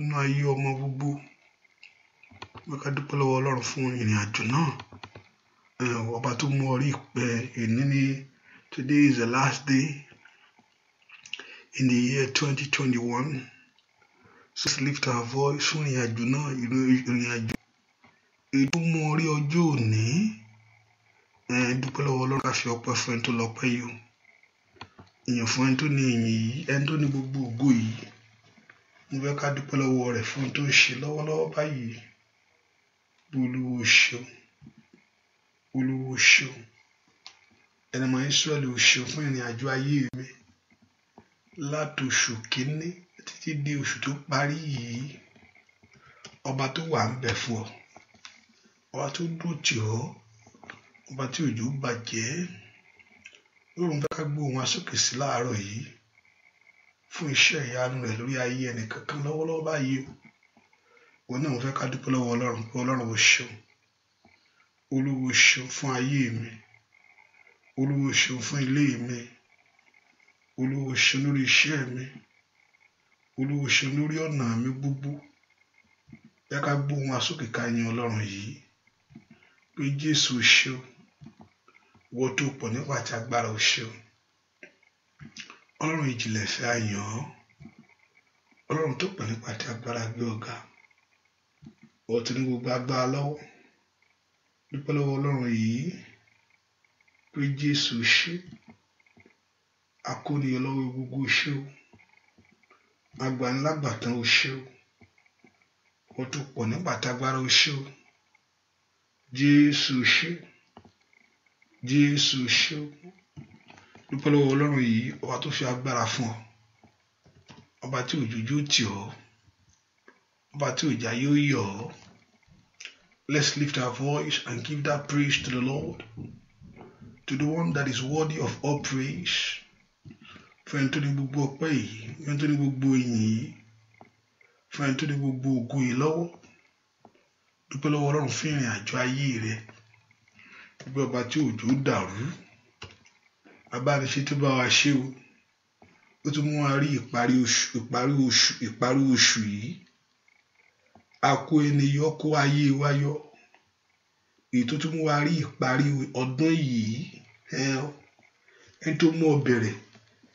nínú ayé ọmọ gbogbo pé ká dúpẹ́ lọ́wọ́ ọlọ́run fún ìrìn àjò náà ọba tó mú ọ ìpẹ́ ìní ní today is the last day in the year twenty twenty one so let's lift our voice fún ìrìn àjò náà ìrìn àjò èyí tó mú ọ ọjọ́ òní dúpẹ́ lọ́wọ́ ọlọ́run ká fi ọpẹ́ fún ẹni tó lọ́pẹ́ yìí ìyìn fún ẹni tó ní ìyìn yìí ẹni tó ní gbogbo ògo yìí mo fẹ́ ká dúpẹ́ lọ́wọ́ rẹ̀ fún tó ń ṣe lọ́wọ́lọ́wọ́ báyìí olúwo ṣeun olúwo ṣeun ẹnìmọ̀ Ísírẹ́lì ò ṣeun fún ìrìn àjò ayé mi láti oṣù kínní títí di oṣù tó parí yìí ọba tó wà ń bẹ fún ọ ọba tó dúró tì ọ́ ọba tí òjò bàjẹ́ lóòrùn fẹ́ ká gbóhùn asókè sí láàárọ̀ yìí fún iṣẹ́ ìyanu rẹ̀ lórí ayé ẹnìkankan lọ́wọ́lọ́wọ́ báyìí o òun náà mo fẹ́ ká dúpẹ́ lọ́wọ́ ọlọ́run pé ọlọ́run o ṣeun olúwo ṣeun fún ayé mi olúwo ṣeun fún ilé mi olúwo ṣeun lórí iṣẹ́ mi olúwo ṣeun lórí ọ̀nà mi gbogbo yá ká gbóhùn asókè ká yin ọlọ́run yìí pé jésù ṣeun wọ́n tó pọ̀ nípa àti agbára o ṣeun ọlọ́run ìjìnlẹ̀ fẹ́ àyàn ọ́ ọlọ́run tó pọ̀ nípa tí agbára gbé ọ̀gá ọ̀tún ní gbogbo agbára lọ́wọ́ dúpẹ́ lọ́wọ́ ọlọ́run yìí pé jésù ṣe akóni ọlọ́wọ́ gbogbo ṣe o agbanilágbàtàn o ṣe o ọ̀tún pọ̀ nípa tí agbára o ṣe o jésù ṣe jésù ṣe o dúpẹ́ lọ́wọ́ ọlọ́run yìí ọba tó fi agbára fún ọ ọba tí òjòjú tì ọ ọba tí òjà yóò yọ ọ let's lift our voice and give that praise to the Lord to the one that is worthy of all praise fún ẹni tó ní gbogbo ọpẹ́ yìí fún ẹni tó ní gbogbo ìyìn yìí fún ẹni tó ní gbogbo ògo yìí lọ́wọ́ dúpẹ́ lọ́wọ́ ọlọ́run fún ìrìn àjò ayé rẹ dúpẹ́ ọba tí òjò dàrú abániṣe tó bá wa ṣe o ó tún mú wa rí ìparí oṣù ìparí oṣù ìparí oṣù yìí a kó ènìyàn kó ayé wa yọ èyí tó tún mú wa rí ìparí ọdún yìí ẹni tó mú ọ bẹ̀rẹ̀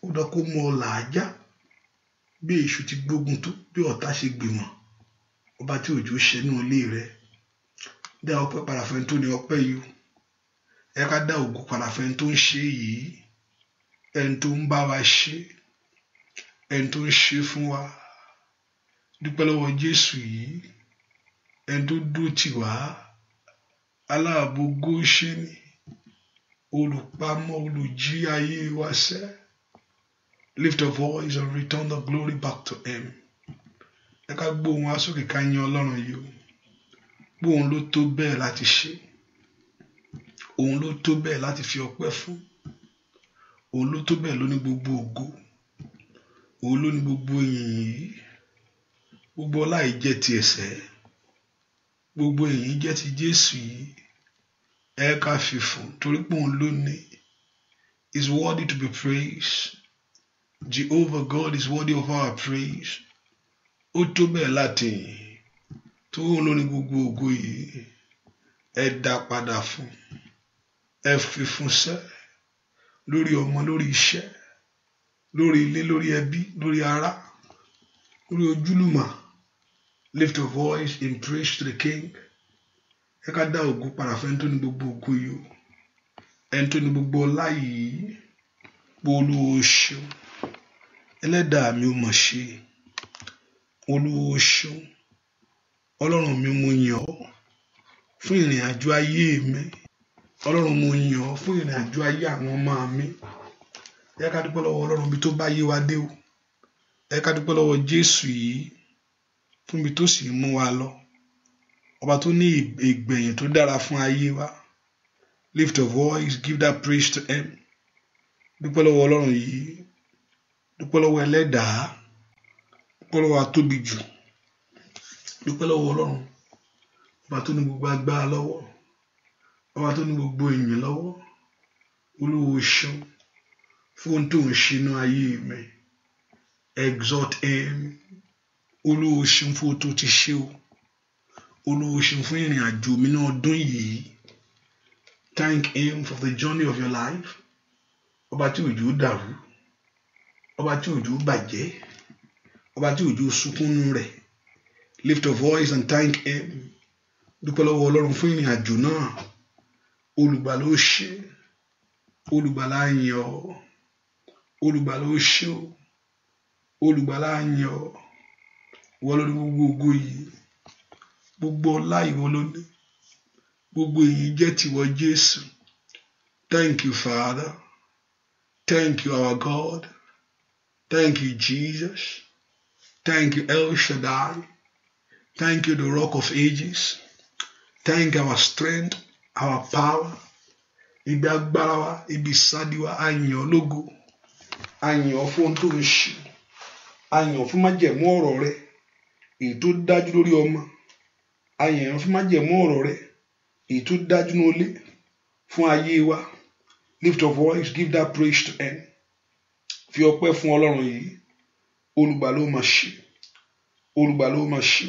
ó dán kó mú ọ làájá bí èṣù ti gbógun tó bí ọ̀tá ṣe gbìmọ̀ ọba tí òjò ṣe nínú ilé rẹ dá ọpẹ́ parafẹ́ni tó ní ọpẹ́ yìí ẹ ká dá ògo parafẹ́ni tó ń ṣe yìí ẹni tó ń bá wa ṣe ẹni tó ń ṣe fún wa dúpẹ́ lọ́wọ́ Jésù yìí ẹni tó dúró tì wá aláàbò Góṣẹ́nì olùpamọ́ olùjí ayé wa sẹ́ lift of voice and return the glory back to him ẹ ká gbóhùn asókè ká yan Ọlọ́run yìí o gbóhùn ló tó bẹ́ẹ̀ láti ṣe òun ló tó bẹ́ẹ̀ láti fi ọpẹ́ fún òun ló tó bẹ́ẹ̀ ló ní gbogbo ògo òun ló ní gbogbo ìyìn gbogbo ọlá yìí jẹ́ ti ẹ̀sẹ̀ gbogbo ìyìn jẹ́ ti Jésù yìí ẹ ká fi fún torí pé òun ló ní is worthy to be praised Jehovah God is worthy of our praise ó tó bẹ́ẹ̀ láti yìn tó òun ló ní gbogbo ògo yìí ẹ dá padà fún ẹ fi fún sẹ́ẹ̀ lórí ọmọ lórí iṣẹ́ lórí ilé lórí ẹbí lórí ará lórí ojúlùmọ̀ lift your voice in praise to the king ẹ ká dá ògo padà fún ẹni tó ní gbogbo ògo yìí ẹni tó ní gbogbo ọlá yìí pé olúwo ṣeun ẹlẹ́dàá mi ò mọ̀ ṣe olúwo ọlọ́run mi mo yàn ọ́ fún ìrìn àjò ayé mi ọlọ́run mo yàn ọ́ fún ìrìn àjò ayé àwọn ọmọ mi ẹ ká dúpẹ́ lọ́wọ́ ọlọ́run bí tó bá yé wa dé o ẹ ká dúpẹ́ lọ́wọ́ jésù yìí fún bí tó sì mú wa lọ ọba tó ní ìgbẹ̀yìn tó dára fún ayé wa lift your voice give that praise to him dúpẹ́ lọ́wọ́ ọlọ́run yìí dúpẹ́ lọ́wọ́ ẹlẹ́dàá dúpẹ́ lọ́wọ́ atóbi jù dúpẹ́ lọ́wọ́ ọlọ́run ọba tó ní gbogbo agbára lọ́wọ́ ọba tó ní gbogbo èèyàn lọ́wọ́ olúwo ṣeun fún tó ń ṣe inú ayé mi exalt him olúwo ṣeun fún ohun tó ti ṣe o olúwo ṣeun fún ìrìn àjò mi ní ọdún yìí thank him for the journey of your life ọba tí òjò dàrú ọba tí òjò bàjẹ́ ọba tí òjò sunkúnnú rẹ̀ lift your voice and thank him dúpẹ́ lọ́wọ́ ọlọ́run fún ìrìn àjò náà. Ulubaloshe, Ulubalanyo, ṣe Ulubalanyo, la yìn ọ́ olùgbà ló ṣe o olùgbà thank you Father thank you our God thank you Jesus thank you El Shaddai thank you the Rock of Ages thank our strength our power ibi agbára wa ibi ìsádi wa a yìn ọ́ lógo a yìn ọ́ fún ohun tó ń ṣe a fún májẹ̀mú ọ̀rọ̀ rẹ èyí tó dájú lórí ọmọ a fún májẹ̀mú ọ̀rọ̀ rẹ èyí tó dájú ní olé fún ayé wa lift of voice give that praise to him fi ọpẹ́ fún Ọlọ́run yìí olùgbà ló máa ṣe olùgbà ló máa ṣe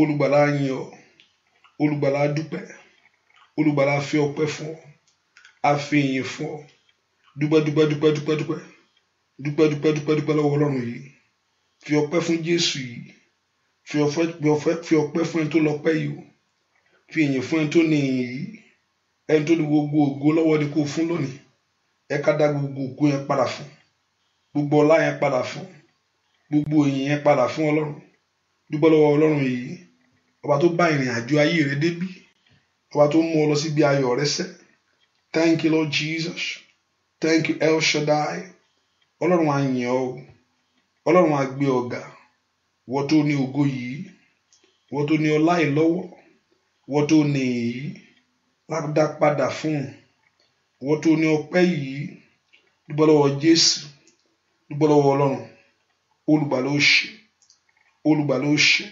olùgbà la yìn dúpẹ́ olùgbàlà fi ọpẹ́ fún ọ a fi ìyìn fún ọ dúpẹ́ dúpẹ́ dúpẹ́ dúpẹ́ dúpẹ́ dúpẹ́ dúpẹ́ dúpẹ́ dúpẹ́ lọ́wọ́ Ọlọ́run yìí fi ọpẹ́ fún Jésù yìí fi ọpẹ́ fún ẹni tó lọ́pẹ́ yìí o fi ìyìn fún ẹni tó ní ìyìn yìí ẹni tó ní gbogbo ògo lọ́wọ́ ni kò fún lónìí ẹ ká dá gbogbo ògo yẹn padà fún gbogbo ọlá yẹn padà fún gbogbo ìyìn yẹn padà fún Ọlọ́run dúpẹ́ lọ́wọ́ Ọlọ́run yìí ọba tó bá ìrìn àjò ayé rẹ débí ọba tó mú ọ lọ síbi ayọ̀ rẹ sẹ́ thank you lord jesus thank you el shaddai ọlọ́run á yìn ọ́ ọlọ́run á gbé ọ ga wọ́n tó ní ògo yìí wọ́n tó ní ọlá ìlọ́wọ́ wọ́n tó ní èyí ládá padà fún wọ́n tó ní ọpẹ́ yìí dúpẹ́ jésù dúpẹ́ lọ́wọ́ olùgbàlóṣe olùgbàlóṣe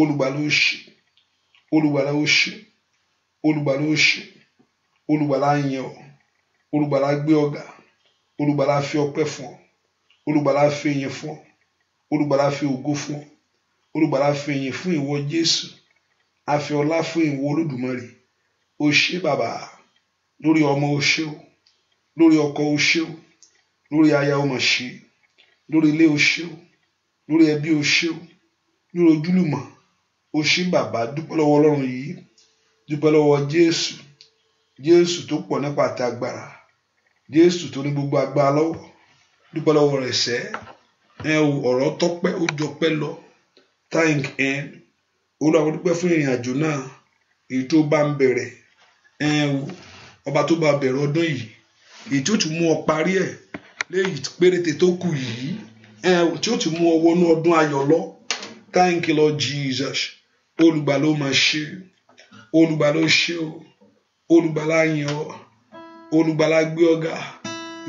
olùgbàlóṣe olùgbàlóṣe olùgbàlà ó ṣé olùgbàlà á yìn ọ́ olùgbàlà á gbé ọ̀gá olùgbàlà á fi ọpẹ́ fún ọ olùgbàlà á fi ìyìn fún ọ olùgbàlà á fi ògo fún ọ olùgbàlà á fi ìyìn fún ìwọ jésù á fi ọlá fún ìwọ olódùmarè ó ṣé lórí ọmọ ó o lórí ọkọ ó o lórí aya ó mà lórí ilé ó o lórí ẹbí ó o lórí ojúlùmọ̀ ó bàbá dúpẹ́ lọ́wọ́ ọlọ́run yìí dúpẹ́ lọ́wọ́ jésù jésù tó pọ̀ nípa àti agbára jésù tó ní gbogbo agbára lọ́wọ́ dúpẹ́ lọ́wọ́ rẹ̀ sẹ́ ẹ o ọ̀rọ̀ tọ́pẹ́ ó jọpẹ́ lọ thank him olúwa kò dúpẹ́ fún ìrìn àjò náà èyí tó bá ń bẹ̀rẹ̀ ẹ o ọba tó bá bẹ̀rẹ̀ ọdún yìí èyí tí ó ti mú ọ parí ẹ̀ léyìí péréte tó kù yìí ẹ o tí ó ti mú ọ wọnú ọdún ayọ̀ lọ thank you lord jesus olùgbà ló máa ṣe é olùgbà ló ṣe o olùgbà la yàn ọ́ olùgbà la gbé ọ̀gá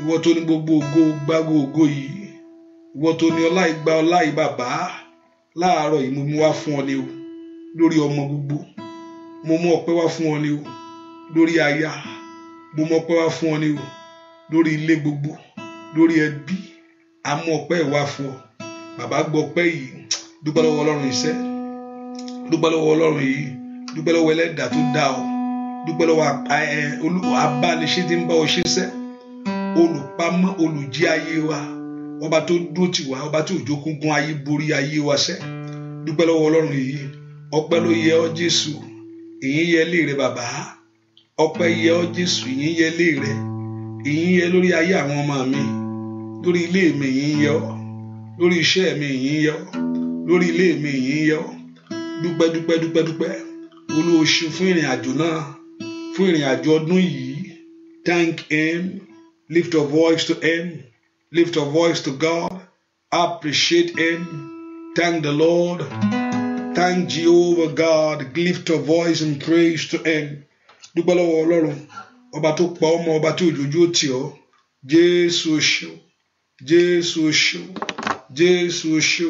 ìwọ tó ní gbogbo ògo gbágbó ògo yìí ìwọ tó ní ọlá ìgbà ọlá ìbàbá láàárọ̀ yìí mo mú wá fún ọ ni o lórí ọmọ gbogbo mo mú ọpẹ́ wá fún ọ ni o lórí aya mo mú ọpẹ́ wá fún ọ ni o lórí ilé gbogbo lórí ẹbí amú ọpẹ́ ìwá fún ọ bàbá gbọ́ ọpẹ́ yìí dúpẹ́ lọ́wọ́ Ọlọ́run iṣẹ́ dúpẹ́ lọ́wọ́ Ọlọ́run yìí dúpẹ́ lọ́wọ́ ẹlẹ́dàá tó dá ọ dúpẹ́ lọ́wọ́ abániṣe tí ń bá ọ ṣiṣẹ́ olùpamọ́ olùjí ayé wa ọba tó dúró tì wá ọba tí òjò kúngun ayé borí ayé wa sẹ́ dúpẹ́ lọ́wọ́ ọlọ́run yìí ọpẹ́ ló yẹ ọ́ jésù ìyìn yẹ lé rẹ bàbá ọpẹ́ yẹ ọ́ jésù ìyìn yẹ lé rẹ ìyìn yẹ lórí ayé àwọn ọmọ mi lórí ilé mi ìyìn yẹ ọ́ lórí iṣẹ́ mi ìyìn yẹ ọ́ lórí ilé mi ìyìn yẹ ọ́ dúpẹ́ dúpẹ́ dúpẹ́. dúpẹ́ Olúwa ṣe fún ìrìn àjò náà fún ìrìn àjò ọdún yìí thank him lift your voice to him lift your voice to God appreciate him thank the Lord thank Jehovah God lift your voice and praise to him dúpẹ́ lọ́wọ́ Ọlọ́run ọba tó pa ọmọ ọba tí òjòjú ó tì ọ́ Jésù ṣe Jésù ṣe Jésù ṣe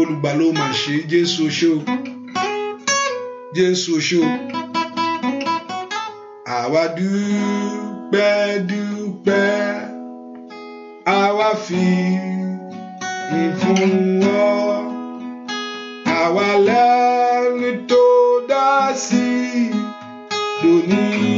olùgbàlà ó Jésù ṣe Jésù ṣó àwa dúpẹ́ dúpẹ́ àwa fi ìfún ọ àwa lẹ́ni tó dá sí lónìí.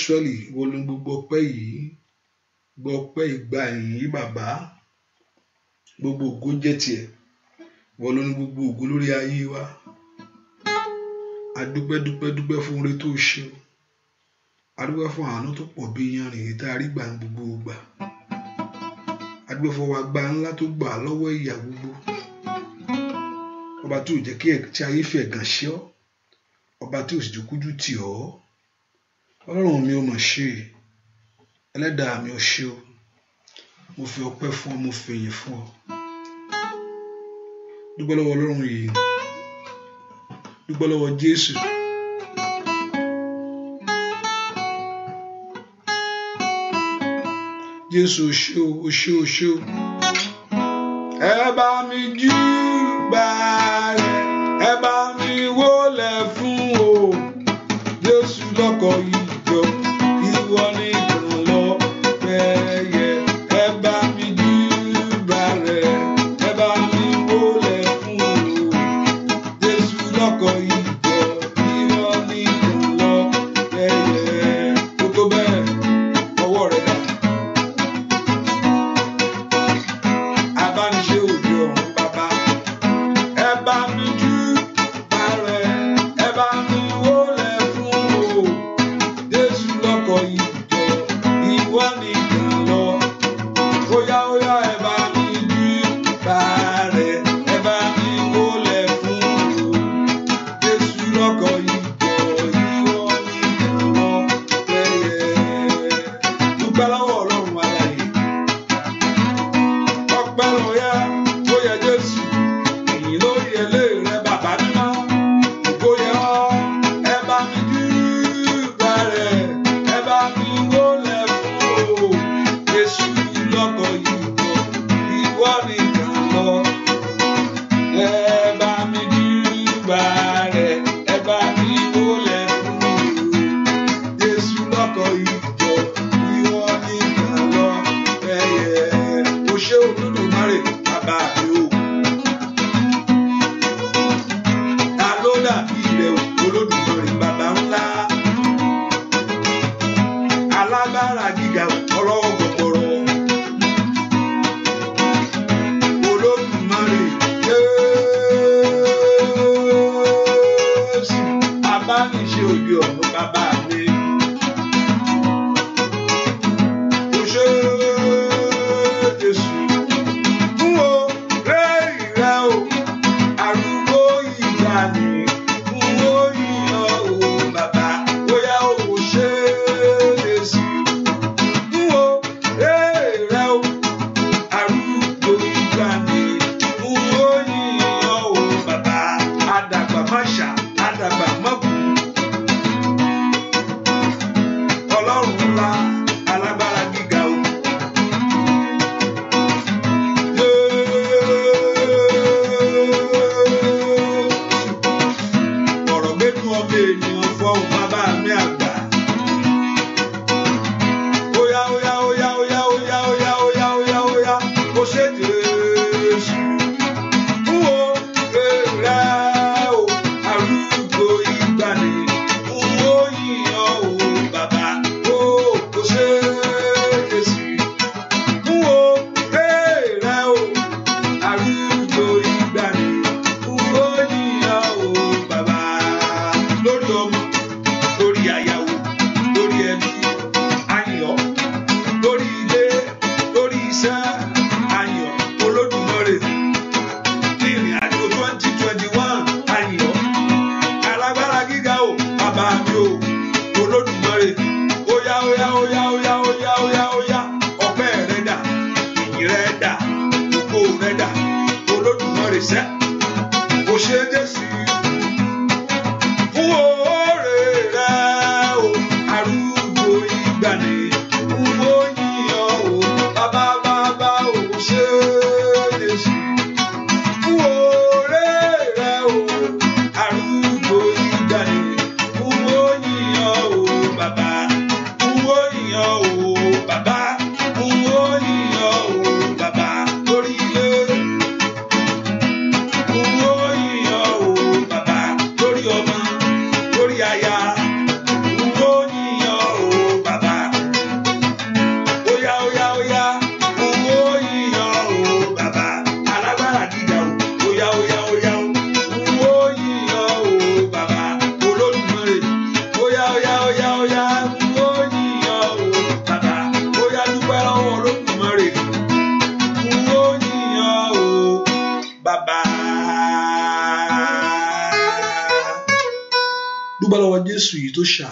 Ísírẹ́lì wo ni gbogbo ọpẹ́ yìí gbọ́ ọpẹ́ ìgbà yìí bàbá gbogbo ògo jẹ́ tiẹ̀ ìwọ ló ní gbogbo ògo lórí ayé wa adúpẹ́ dúpẹ́ dúpẹ́ fún oore tó ṣe o adúpẹ́ fún àánú tó pọ̀ bí yanrìn yìí tá a rí gbà ń gbogbo gbà adúpẹ́ fún ńlá tó gbà lọ́wọ́ ìyà gbogbo ọba tí ò jẹ́ kí ayé fẹ̀gàn ṣe ọ́ ọba tí ò sì jókòjú tì ọ́ ọlọ́run mi ò mà ṣe é ẹlẹ́dàá mi ò ṣe o mo fi ọpẹ́ fún ọ mo fi èyí fún ọ dúpẹ́ lọ́wọ́ ọlọ́run yìí dúpẹ́ lọ́wọ́ jésù. jésù o ṣé o ṣé o ṣé o. ẹ bá mi jú gbà ẹ bá mi wólẹ̀ fún o jésù lọ́kọ̀ yìí.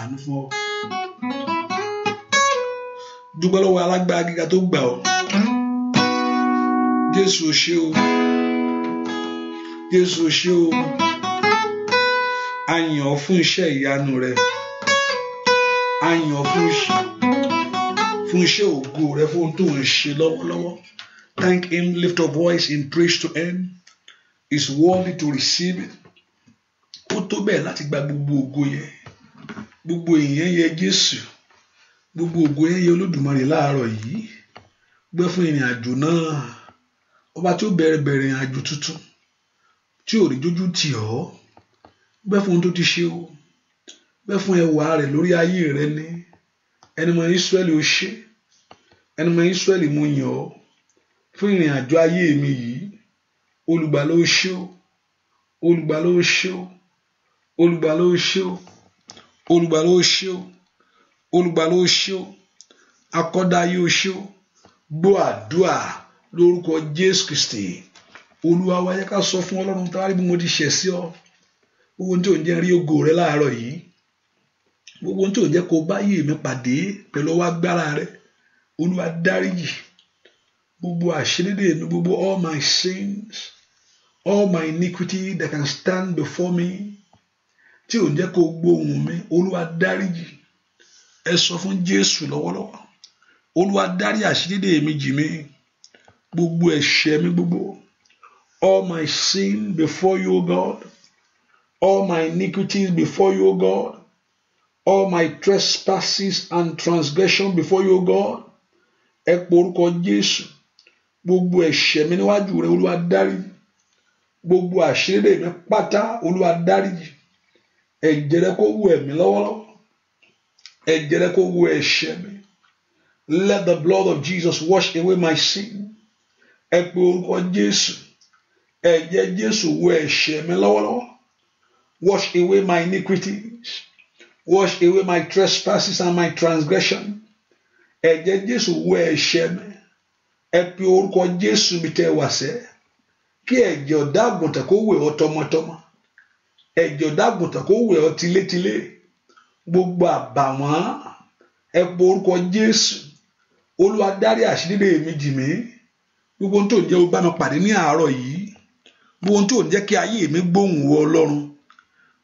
ṣàánú fún ọ. dúpẹ́ lọ́wọ́ alágbára gíga tó gbà ọ́ jésù o ṣé o jésù o ṣé o a yìn ọ́ fún iṣẹ́ ìyanu rẹ a yìn ọ́ fún fún iṣẹ́ ògo rẹ fún ohun tó ń ṣe lọ́wọ́lọ́wọ́ thank him lift up voice in praise to him is worthy to receive it ó tó bẹ́ẹ̀ láti gba gbogbo ògo yẹn gbogbo èèyàn yẹ Jésù gbogbo ògo yẹn yẹ Olódùmarè láàárọ̀ yìí gbẹ fún ìrìn àjò náà ọba tí ó bẹ̀rẹ̀ bẹ̀rẹ̀ ìrìn àjò tuntun tí ò ní dójú tì ọ́ gbẹ fún ohun tó ti ṣe o gbẹ fún ẹwà rẹ lórí ayé rẹ ní ẹnìmọ̀ Ísírẹ́lì ó ṣe ẹnìmọ̀ Ísírẹ́lì mo yàn ọ́ fún ìrìn àjò ayé mi yìí olùgbàlà ó ṣe olùgbàlà ó ṣé o olùgbàlà ó ṣé o akọ́dáyé ó ṣé o gbọ́ àdúà lórúkọ jésù kristi olúwa wa yẹ ká sọ fún ọlọ́run tá a rí bí mo ti ṣẹ̀ sí ọ gbogbo ohun tí ò ń jẹ́ rí ògo rẹ láàárọ̀ yìí gbogbo ohun tí ò ń jẹ́ kó báyé mi pàdé pẹ̀lú ọwọ́ agbára rẹ olúwa dáríjì gbogbo àṣedédé mi gbogbo all my sins all my iniquity that can stand before me tí ò jẹ́ kó gbóhùn mi olúwa dáríjì ẹ sọ fún jésù lọ́wọ́lọ́wọ́ olúwa dárí àṣídédé mi jì mí gbogbo ẹ̀ṣẹ̀ mi gbogbo all my sin before you god all my iniquities before you god all my trespasses and transgression before you god ẹ pọ orúkọ jésù gbogbo ẹ̀ṣẹ̀ mi níwájú rẹ olúwa dáríjì gbogbo àṣídédé mi pátá olúwa dáríjì ẹ̀jẹ̀ rẹ kó wù ẹ̀mí lọ́wọ́lọ́wọ́ ẹ̀jẹ̀ rẹ kó wù ẹ̀ṣẹ̀ mi let the blood of Jesus wash away my sin ẹ pè orúkọ Jésù ẹ̀jẹ̀ Jésù wù ẹ̀ṣẹ̀ mi lọ́wọ́lọ́wọ́ wash away my iniquities wash away my trespasses and my transgression ẹ̀jẹ̀ Jésù wù ẹ̀ṣẹ̀ mi ẹ pè orúkọ Jésù mi tẹ́ wá sẹ́ kí ẹ̀jẹ̀ ọ̀dà àgùntàn kó wẹ̀ ọ́ tọmọtọmọ ẹ̀jẹ̀ ọ̀dàgùntàn kó wẹ̀ ọ́ tilétilé gbogbo àbàwọ́n ẹ po orúkọ Jésù Olúwa dárí àṣírí èmi jì mí gbogbo ohun tó ń jẹ́ ó bá mi pàdé ní àárọ̀ yìí gbogbo ohun tó ń jẹ́ kí ayé mi gbóhùn wọ Ọlọ́run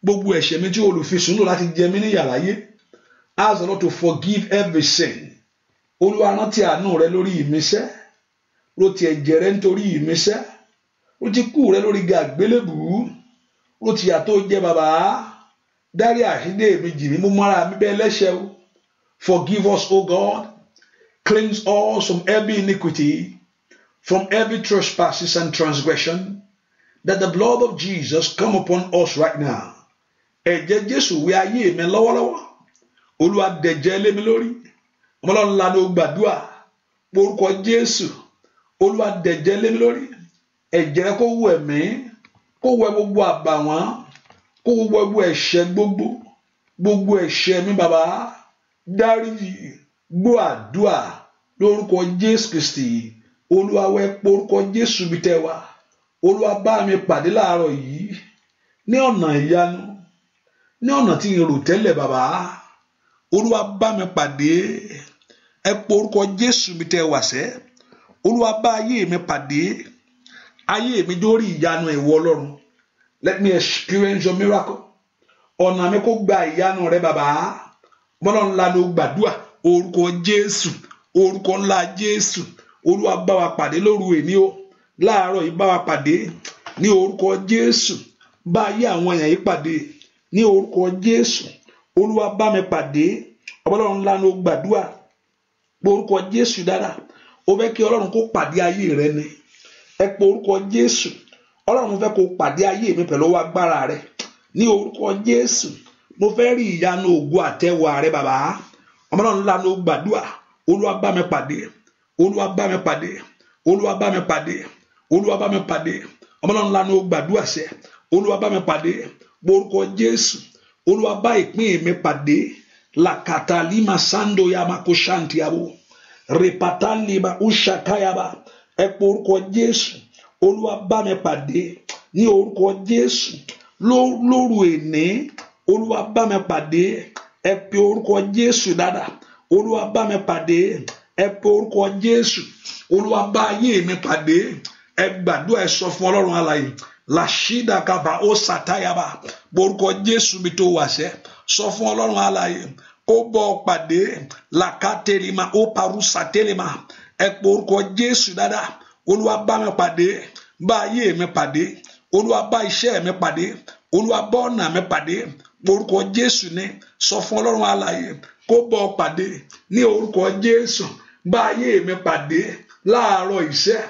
gbogbo ẹ̀ṣẹ̀ mi tí olùfisùn lò láti jẹ mí níyà láyé ask the Lord to forgive every sin Olúwa rántí àánú rẹ lórí ìmísẹ́ rò ti ẹ̀jẹ̀ rẹ nítorí ìmísẹ́ rò ti kú rẹ lórí gàgbélébùú ó ti yà tó jẹ́ bàbá dárí àṣídé mi jì mí mú mọ́ra mi bẹ́ẹ̀ lẹ́ṣẹ̀ o forgive us o God cleanse us from every iniquity from every trespasses and transgression that the blood of Jesus come upon us right now ẹ̀jẹ̀ Jésù wẹ ayé mi lọ́wọ́lọ́wọ́ Olúwa dẹ̀jẹ̀ lé mi lórí ọmọlọ́run lanu gbàdúrà orúkọ Jésù Olúwa dẹ̀jẹ̀ lé mi lórí ẹ̀jẹ̀ rẹ kó wù ẹ̀mí kó wẹ gbogbo àbàwọ́n kó wẹ gbogbo ẹ̀ṣẹ̀ gbogbo gbogbo ẹ̀ṣẹ̀ mi bàbá dáríjì gbọ́ àdúà lórúkọ Jésù Kristi Olúwa wẹ porúkọ Jésù bí tẹ wá Olúwa bá mi pàdé láàárọ̀ yìí ní ọ̀nà ìyanu ní ọ̀nà tí n rò tẹ́lẹ̀ bàbá Olúwa mi pàdé ẹ porúkọ Jésù bí tẹ sẹ́ Olúwa bá mi pàdé ayé mi dórí ìyanu ìwọ ọlọ́run let me experience your miracle ọ̀nà mi kó gba ìyanu rẹ bàbá bọ́lọ́run ńlá ló gbàdúrà orúkọ jésù orúkọ ńlá jésù olúwa bá wa pàdé lóru èní o láàárọ̀ yìí bá wa pàdé ní orúkọ jésù bá ayé àwọn èèyàn yìí pàdé ní orúkọ jésù olúwa bá mi pàdé ọbọlọ́run ńlá ló gbàdúrà orúkọ jésù dára o fẹ́ kí ọlọ́run kó pàdé ayé rẹ ni ẹ pé orúkọ jésù ọlọ́run mo fẹ́ kó pàdé ayé mi pẹ̀lú ọwọ́ agbára rẹ ní orúkọ jésù mo fẹ́ rí ìyanu ògo àtẹwà rẹ bàbá ọmọ náà ńlá ló gbàdúrà olúwa bá mi pàdé olúwa bá mi pàdé olúwa bá mi pàdé olúwa bá mi pàdé ọmọ náà ńlá sẹ olúwa pàdé orúkọ jésù olúwa ìpín mi pàdé làkàtà lima sando yamakushantiabo rìpàtà lima ushakayaba ẹ pé orúkọ jésù olúwa bá mi pàdé ní orúkọ jésù lóru èní olúwa bá mi pàdé ẹ pé orúkọ jésù dáadáa olúwa bá mi pàdé ẹ pé orúkọ jésù olúwa bá ayé mi pàdé ẹ gbàdúrà ẹ sọ fún ọlọ́run alààyè làṣídà kaba ó sàtáyàbà borúkọ jésù mi tó wà sọ fún ọlọ́run alààyè kó bọ́ pàdé làkàtẹ́rìmà ó parú sàtẹ́rìmà ẹ pé orúkọ jésù dáadáa olúwa bá mi pàdé bá ayé mi pàdé olúwa bá iṣẹ́ mi pàdé olúwa bá ọ̀nà mi pàdé orúkọ jésù ni sọ fún ọlọ́run alààyè kó bọ́ ọ pàdé ní orúkọ jésù bá ayé mi pàdé láàárọ̀ iṣẹ́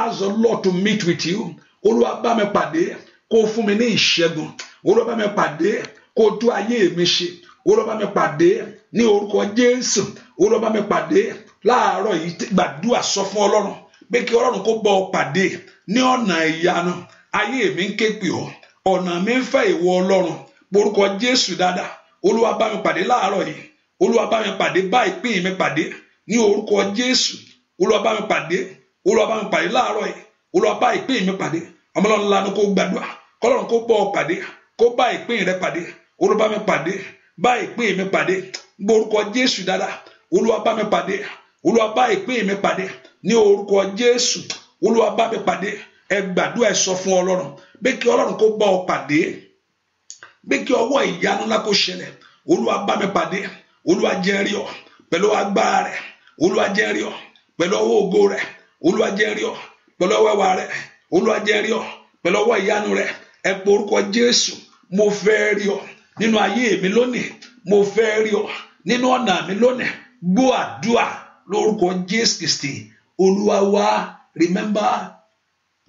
ask the Lord to meet with you olúwa bá mi pàdé kó fún mi ní ìṣẹ́gun olúwa bá mi pàdé kó tú ayé mi ṣe olúwa bá mi pàdé ní orúkọ jésù olúwa bá mi pàdé láàárọ̀ yìí gbàdúrà sọ fún ọlọ́run pé kí ọlọ́run kó bọ́ ọ pàdé ní ọ̀nà ìyanu ayé mi ń ké pè ọ́ ọ̀nà mi ń fẹ́ ìwọ ọlọ́run borúkọ jésù dáadáa olúwa bá mi pàdé láàárọ̀ yìí olúwa bá mi pàdé bá ìpín mi pàdé ní orúkọ jésù olúwa bá mi pàdé olúwa bá mi pàdé láàárọ̀ yìí olúwa bá ìpín mi pàdé ọmọlọ́run lanu kó gbàdúrà kọ́lọ́run kó bọ́ ọ pàdé kó bá ìpín rẹ pàdé olúwa bá mi pàdé bá ìpín mi pàdé borúkọ jésù dada olúwa bá mi pàdé olúwa bá ìpín mi pàdé ní orúkọ jésù olúwa bá mi pàdé ẹ gbàdúrà ẹ sọ fún ọlọ́run bí kí ọlọ́run kó bá ọ pàdé bí kí ọwọ́ ìyanu ńlá kó ṣẹlẹ̀ olúwa bá mi pàdé olúwa jẹ́ rí ọ pẹ̀lú agbára rẹ̀ olúwa jẹ́ rí ọ pẹ̀lú ọwọ́ ògo rẹ̀ olúwa jẹ́ rí ọ pẹ̀lú ọwọ́ ẹwà rẹ̀ olúwa ọ pẹ̀lú ọwọ́ ìyanu rẹ̀ ẹ pọ orúkọ jésù mo fẹ́ rí ọ nínú ayé mi lónìí mo fẹ́ rí ọ nínú ọ̀nà mi lónìí gbọ́ àdúrà lórúkọ Jésù Kristi Olúwa wa remember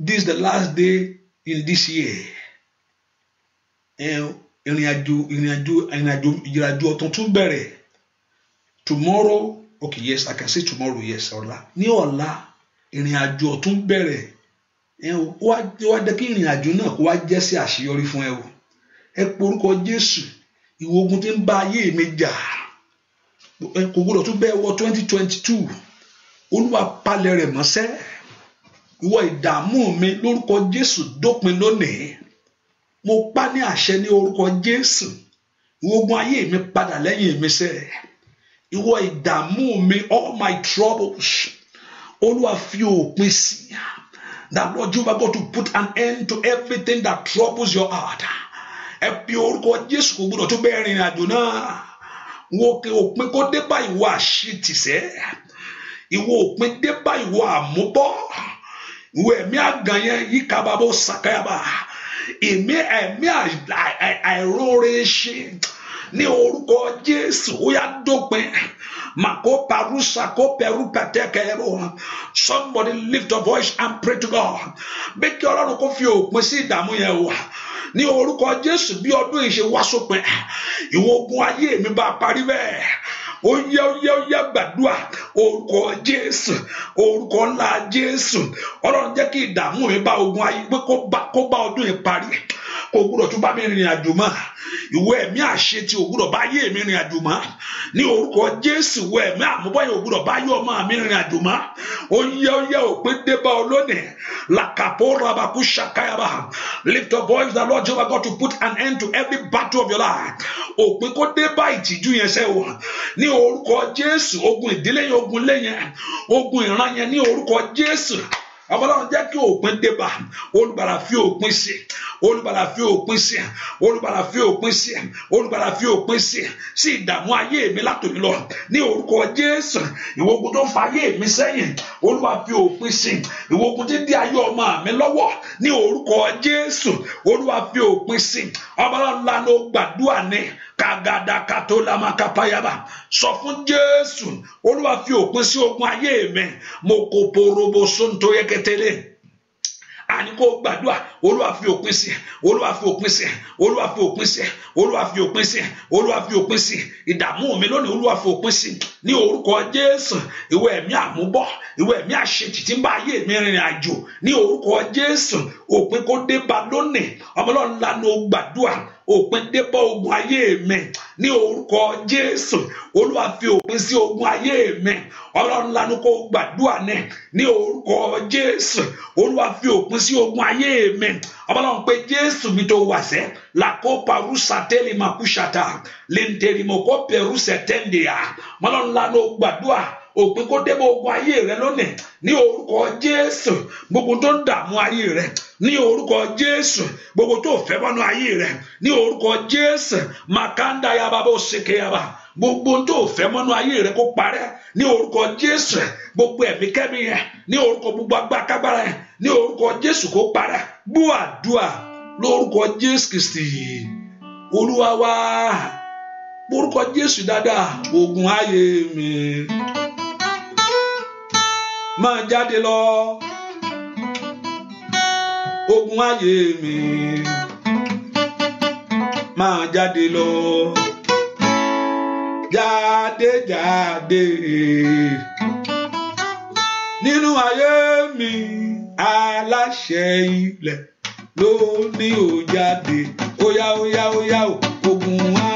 this the last day in this year ìrìnàjò ìrìnàjò ìrìnàjò ìrìnàjò ọ̀tún tún bẹ̀rẹ̀ tomorrow okay yes I can say tomorrow yes ọ̀la ní ọ̀la ìrìnàjò ọ̀tún bẹ̀rẹ̀ wá jẹ́ kí ìrìnàjò náà kó wá jẹ́ sí àṣeyọrí fún ẹ o ẹ porúkọ Jésù ìwọ ogun tí ń bá ayé mi jà kò gbọdọ̀ tún bẹ́ẹ̀ wọ twenty twenty two olúwa palẹ̀ rẹ̀ mọ́sẹ́ ìwọ ìdààmú mi lórúkọ jésù dópin lónìí mo pa ní àṣẹ ní orúkọ jésù ìwogun ayé mi padà lẹ́yìn mi sẹ́ ìwọ ìdààmú mi all my troubles olúwa fi òpin sí that Lord you are going to put an end to everything that troubles your heart ẹ pe orúkọ jésù kò gbọdọ̀ tún bẹ́ẹ̀ rìnrìn àjò náà ìwọ òpin kó dé bá ìwọ àṣetìsẹ́ ìwọ òpin dé bá ìwọ àmúbọ́ ìwọ ẹ̀mí àgànyẹn yíká bàbá ó sàkáyàbà ẹ̀mí àìróore ṣe ní orúkọ Jésù ó yá dópin màkó parusa kó pẹrú pẹtẹkẹrù somebody lift your voice and pray to God bí kí Ọlọ́run kó fi òpin sí ìdààmú yẹn wà ní orúkọ Jésù bí ọdún yìí ṣe wá sópin ìwọ ogun ayé mi bá parí bẹ́ẹ̀ ó yá ó yá ó yá gbàdúrà orúkọ jésù orúkọ ńlá jésù ọlọ́run jẹ́ kí ìdààmú mi bá ogun ayé pé kó bá ọdún yìí parí kò gbúdọ̀ tún bá mi rìnrìn àjò mọ́ ìwọ ẹ̀mí àṣetì ò gbúdọ̀ bá yé mi rìnrìn àjò mọ́ ní orúkọ Jésù ìwọ ẹ̀mí àmúbọ̀yẹ̀ ò gbúdọ̀ bá yé ọmọ mi rìnrìn àjò mọ́ ó yẹ ó yẹ òpin dé bá ọ lónìí làkàpọ̀ rabaku ṣàkàyàbà lift up voice the Lord Jehovah God to put an end to every battle of your life òpin kó dé bá ìtìjú yẹn sẹ́ wọ̀ ní orúkọ Jésù ogun ìdílé yẹn ogun lẹ́yìn ogun ìran yẹn ní orúkọ Jésù ọmọláwọn jẹ́ kí òpin débà olùgbàlà fi òpin sí olùgbàlà fi òpin sí olùgbàlà fi òpin sí olùgbàlà fi òpin sí sí ìdààmú ayé mi látòmí lọ ní orúkọ Jésù ìwọ ogun tó fa ayé mi sẹ́yìn Olúwa fi òpin sí ìwọ ogun di dí ayé ọmọ mi lọ́wọ́ ní orúkọ Jésù Olúwa fi òpin sí ọbalọ́la ló gbàdúrà ní kàgàdà kàtó lamakapayaba sọ fún jésù olúwa fi òpin sí ogun ayé mi mo kò porobo sóńtó yẹkẹtẹlẹ àní kó gbàdúrà olúwa fi òpin sí olúwa fi òpin sí olúwa fi òpin sí olúwa fi òpin sí olúwa fi òpin sí ìdààmú mi lónìí olúwa fi òpin sí ní orúkọ jésù ìwọ ẹ̀mí àmúbọ̀ ìwọ ẹ̀mí àṣetì tí ń bá ayé mi rìnrìn àjò ní orúkọ jésù òpin kó dé ba lónìí ọmọlọ́run lanu gbàdúrà òpin dé bá ogun ayé mi ní orúkọ Jésù Olúwa fi òpin sí ogun ayé mi ọlọ́run lanu kó gbàdúrà ní ní orúkọ Jésù Olúwa fi òpin sí ogun ayé mi ọbọ̀lọ́run pé Jésù mi tó wà sẹ́ làkópa rúṣàtẹ́lì màkúṣàtà lè ń tẹ̀lé mọ́ kó pẹ̀rú sẹ̀tẹ́ndìyà mọ́lọ́run gbàdúrà òpin kó dé bá ogun ayé rẹ lónìí ní orúkọ jésù gbogbo tó ń dààmú ayé rẹ ní orúkọ jésù gbogbo tó fẹ́ bọ́nú ayé rẹ ní orúkọ jésù makanda yaba bó ṣeke yaba gbogbo tó fẹ́ mọ́nú ayé rẹ kó parẹ́ ní orúkọ jésù gbogbo ẹ̀mí kẹ́mi yẹn ní orúkọ gbogbo agbákágbára yẹn ní orúkọ jésù kó parẹ́ gbọ́ àdúà lórúkọ jésù kristi olúwa wá porúkọ Jésù dáadáa ogun ayé mi máa jáde lọ ogun ayé mi máa jáde lọ jáde jáde nínú ayé mi aláṣẹ ilẹ̀ ló ní ó jáde ó yá ó yá ó ayé.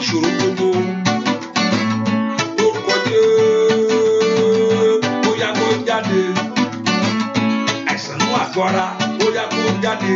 ìṣòro gbogbo. Lórúkọ Jésù, ó yá kó jáde. Àìsàn ní àgọ́ ara, ó kó jáde.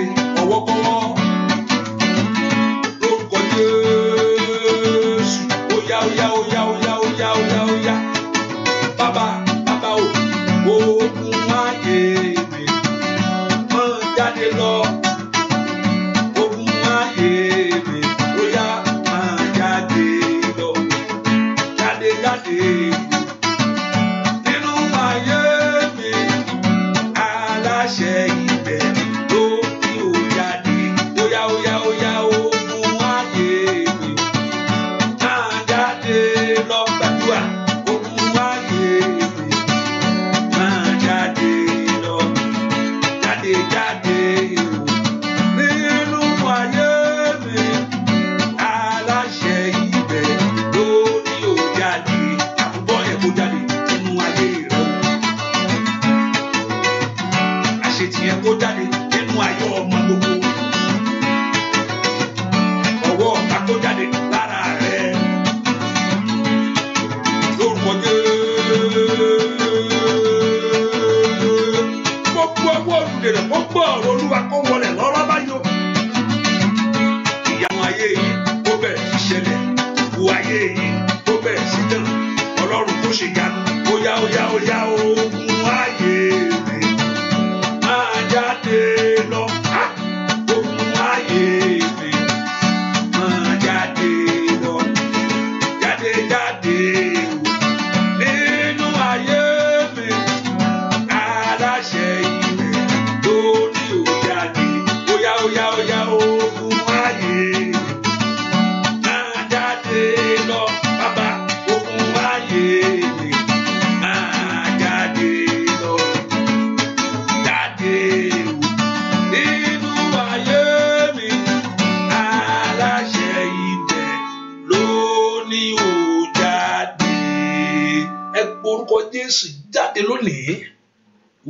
lónìí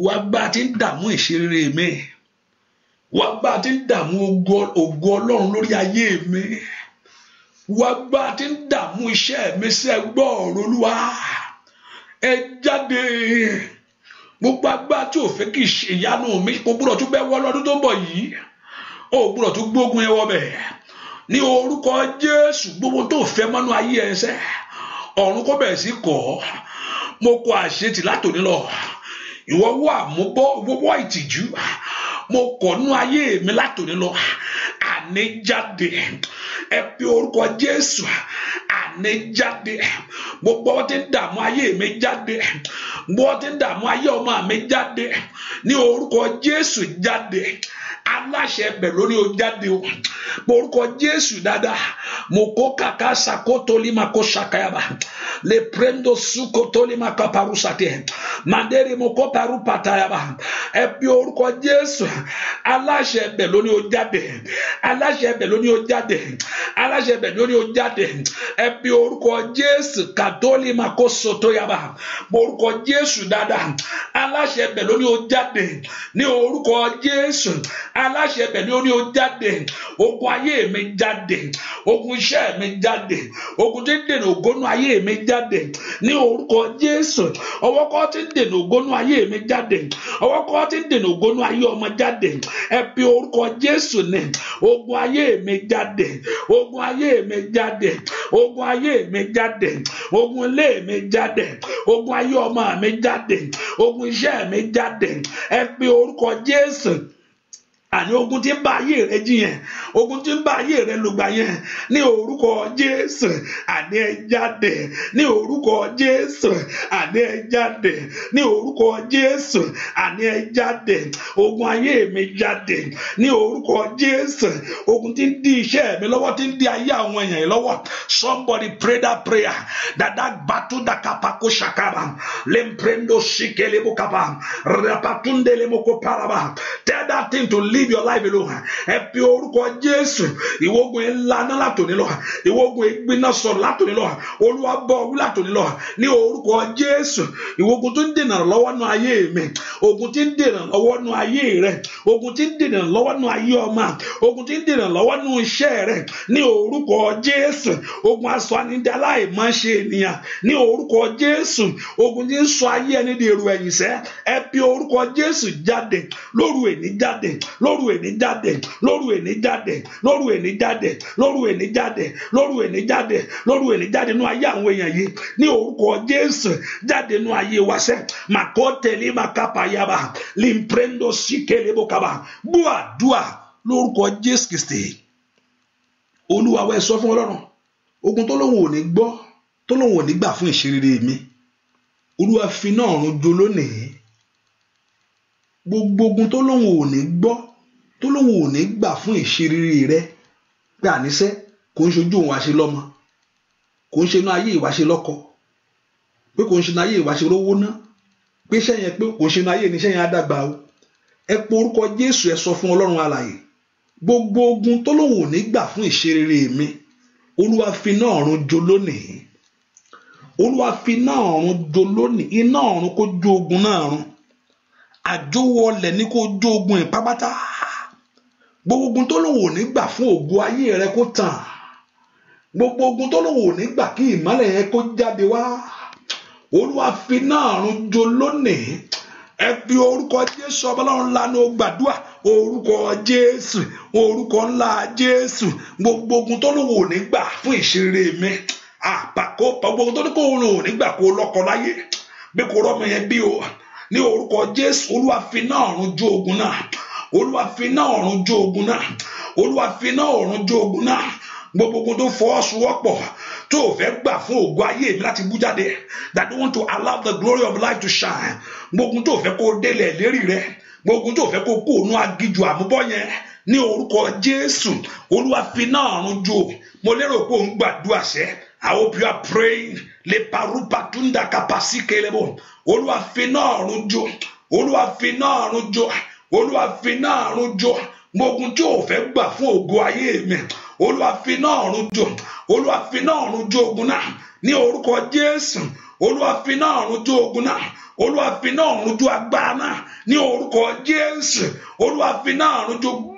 wá bá ti ń dààmú ìṣeré mi wá bá ti ń dààmú ògo ọlọ́run lórí ayé mi wá bá ti ń dààmú iṣẹ́ mi sí ẹgbọ́ ọ̀rọ̀ olúwa ẹ jáde gbogbo agbá tí ò fẹ́ kí ìyanu mi kò gbúdọ̀ tún bẹ́ wọ́ lọ́dún tó ń bọ̀ yìí ò gbúdọ̀ tún gbógun ẹ wọ bẹ̀ ní orúkọ Jésù gbogbo tó fẹ́ mọ́nú ayé ẹsẹ̀ ọ̀run kó bẹ̀ sí kọ́ ọ́ mo kọ àṣetì látòní lọ ìwọ wọ àmúbọ wọwọ ìtìjú mo kọ nú ayé mi látòní lọ àníjáde ẹ pe orúkọ Jésù àní jáde gbogbo ọtí ń dààmú ayé mi jáde gbogbo ọtí ń dààmú ayé ọmọ mi jáde ní orúkọ Jésù jáde aláṣẹ ẹbẹ lórí o jáde o. Morúkọ Jésù dada Moko kaka sakoto lima ko sakayaba. Le prendo sukoto lima kaparu sate. Mandere moko paru patayaba. Ẹ pe orúkọ Jésù. Aláṣẹ ẹbẹ̀ lóní o jáde. Aláṣẹ ẹbẹ̀ lóní o jáde. Aláṣẹ ẹbẹ̀ lóní o jáde. Ẹ katoli ma soto yaba. Morúkọ Jésù dada ala ẹbẹ̀ lóní o jáde. Ní orúkọ Jésù. Aláṣẹ ẹbẹ̀ lóní ogun ayé mi jáde ogun iṣẹ́ mi jáde ogun tí ń dènà ògónú ayé mi jáde ní orúkọ Jésù ọwọ́ kọ́ tí ń dènà ògónú ayé mi jáde ọwọ́ kọ́ tí ń dènà ògónú ayé ọmọ jáde ẹ pe orúkọ Jésù ní ogun ayé mi jáde ogun ayé mi jáde ogun ayé mi jáde ogun ilé mi jáde ogun ayé ọmọ mi jáde ogun iṣẹ́ mi jáde ẹ pe orúkọ Jésù. àní ogun tí ń bá ayé rẹ jiyàn ogun tí ń bá ayé rẹ lùgbà yẹn ní orúkọ jésù àní ẹ jáde ní orúkọ jésù àní ẹ jáde ní orúkọ jésù àní ẹ jáde ogun ayé mi jáde ní orúkọ jésù ogun tí ń di iṣẹ́ mi lọ́wọ́ tí ń di ayé àwọn èèyàn lọ́wọ́ somebody pray that prayer that that battle that kapako shakara lemprendo shikelebo kaba rapatundelemo koparaba tell that thing to leave live your life alone ẹ pe orúkọ Jésù ìwógun ńlá látòní lọ ìwógun ìgbiná sọ̀rọ̀ látòní lọ olúwa bọ̀ wí látòní lọ ní orúkọ Jésù ìwógun tó ń dènà lọ́wọ́ nù ayé mi ogun tí ń dènà lọ́wọ́ nù ayé rẹ ogun tí ń dènà lọ́wọ́ nù ayé ọmọ ogun tí ń dènà lọ́wọ́ nù iṣẹ́ rẹ ní orúkọ Jésù ogun aṣọ anidala ìmọ̀ṣe ènìyàn ní orúkọ Jésù ogun tí ń sọ ayé ẹni dèrò ẹ̀yìn sẹ́ ẹ pe orúkọ Jésù jáde lóru èní jáde lóru lóru èní jáde lóru èní jáde lóru èní jáde lóru èní jáde lóru èní jáde lóru èní jáde nú ayé àwọn èèyàn yìí ní orúkọ Jésù jáde nú ayé wa sẹ màkọ tẹlẹ màkàpà yaba limprendo síkèlè bókaba bua dua lórúkọ Jésù Kristi olúwa wẹ sọ fún Ọlọ́run ogun tó lóun ò ní gbọ́ tó lóun ò ní gbà fún ìṣeré mi olúwa fi náà rún jo lónìí gbogbo ogun tó lóun ò ní gbọ́ tó lóun ò ní gbà fún ìṣerere rẹ pé àníṣe kò ń ṣojú òun àṣe lọ́mọ kò ń ṣe inú ayé ìwáṣe lọ́kọ pé kò ń ṣe inú ayé ìwáṣe lówó ná pé sẹ́yìn pé kò ń ṣe ayé níṣẹ́ yẹn á o ẹ po orúkọ Jésù ẹ sọ fún Ọlọ́run alààyè gbogbo ogun tó lóun ò ní gbà fún ìṣerere mi Olúwa fi iná ọ̀run jó lónìí Olúwa fi iná ọ̀run jó lónìí iná ọ̀run kó jó ogun náà run àjówọlẹ̀ ní kó jó ogun ìpápátá gbogbo ogun tó lòun ò ní gbà fún ògo ayé rẹ kó tàn gbogbo ogun tó lòun ò ní gbà kí ìmọ́lẹ̀ yẹn kó jáde wá olúwa fi náà run jo lónìí ẹ fi orúkọ jésù ọbọlọ́run lanu gbàdúrà orúkọ jésù orúkọ ńlá jésù gbogbo ogun tó lòun ò ní gbà fún ìṣeré mi àpàkó gbogbo ogun tó ní ò ní gbà kó lọ́kọ láyé bí kò rọ́mọ yẹn bí o ní orúkọ jésù olúwa náà run jo ogun náà olúwa fi iná ọ̀run jó ogun náà olúwa fi iná ọ̀run jó ogun náà gbogbo ogun tó fọwọ́sowọ́pọ̀ tó o fẹ́ gbà fún ògo ayé mi láti bú jáde that don't want to allow the glory of life to shine gbogbo ogun tó o fẹ́ kó o délẹ̀ lérí rẹ gbogbo ogun tó o fẹ́ kó o kó o nú agijù àmúbọ́ yẹn ní orúkọ jésù olúwa fi ọ̀run jó mo lérò pé o gbàdúrà sẹ́ I hope you are praying le parupa tunda kapasi kelebo olúwa fi iná ọ̀run jó olúwa fi ọ̀run jó olúwa fi náà tí ò fẹ́ gbà fún ògo ayé mi olúwa fi náà rújọ ogun náà ní orúkọ jésù olúwa fi ogun náà olúwa fi agbára náà ní orúkọ jésù olúwa fi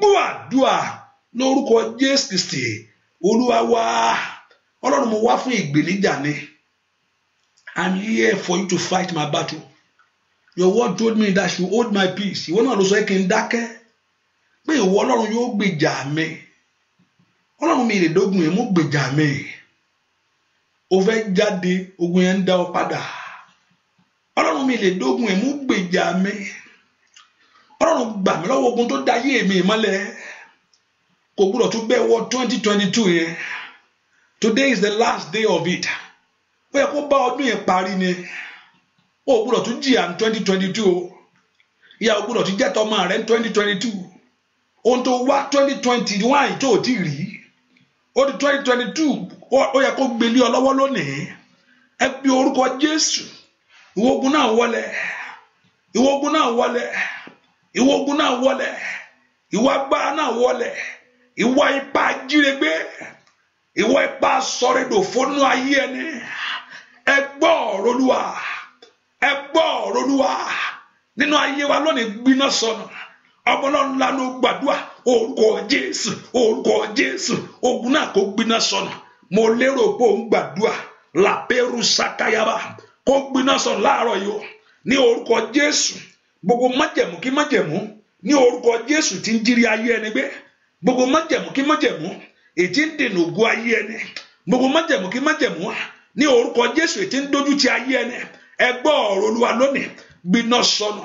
gbúàdúà lórúkọ jésù kristi olúwa wá mo wá fún ìgbèníjà ni i'm here for you to fight my battle. your word told me that you hold my peace ìwọ náà ló sọ kí n dákẹ́ pé ìwọ ọlọ́run yóò gbèjà mi ọlọ́run mi ìrèdógún yẹn mú gbèjà mi o fẹ́ jáde ogun yẹn ń dá ọ padà ọlọ́run mi ìrèdógún yẹn mú gbèjà mi ọlọ́run gbà mí lọ́wọ́ ogun tó dá mi mọ́lẹ̀ kò gbúdọ̀ tún bẹ́ẹ̀ wọ two yẹn today is the last day of it ó yẹ kó bá ọdún yẹn parí ni. o gbúdọ̀ tún jìyà ní twenty twenty two o ìyá o gbúdọ̀ tún jẹ́ tọmọ rẹ ní twenty twenty two ohun tó wá twenty twenty one tó o ti rí ó di twenty twenty two ó yẹ kó gbélé ọ lọ́wọ́ lónìí ẹ pe orúkọ Jésù ìwọ ogun náà wọlé ìwọ ogun náà wọlé ìwọ náà wọlé ìwọ náà wọlé ìwọ ipá jírégbé ìwọ ipá sọrẹdò fónú ayé ẹni ẹ gbọ́ ọ̀rọ̀ Olúwa. ẹ gbọ́ ọ̀rọ̀ nínú ayé wa lónìí gbiná sọnù ọmọlọ́run lanu gbàdúrà orúkọ jésù orúkọ jésù ogun náà kò gbiná mo lérò pé òun gbàdúrà sakayaba kó gbiná sọnù láàárọ̀ yìí o ní orúkọ jésù gbogbo májẹ̀mú kí májẹ̀mú ní orúkọ jésù ń jírí gbogbo májẹ̀mú kí májẹ̀mú ètí ń dènà gbogbo májẹ̀mú kí májẹ̀mú ní orúkọ jésù ètí ń ti ẹ gbọ́ ọ̀rọ̀ olúwa lónìí gbiná sọnù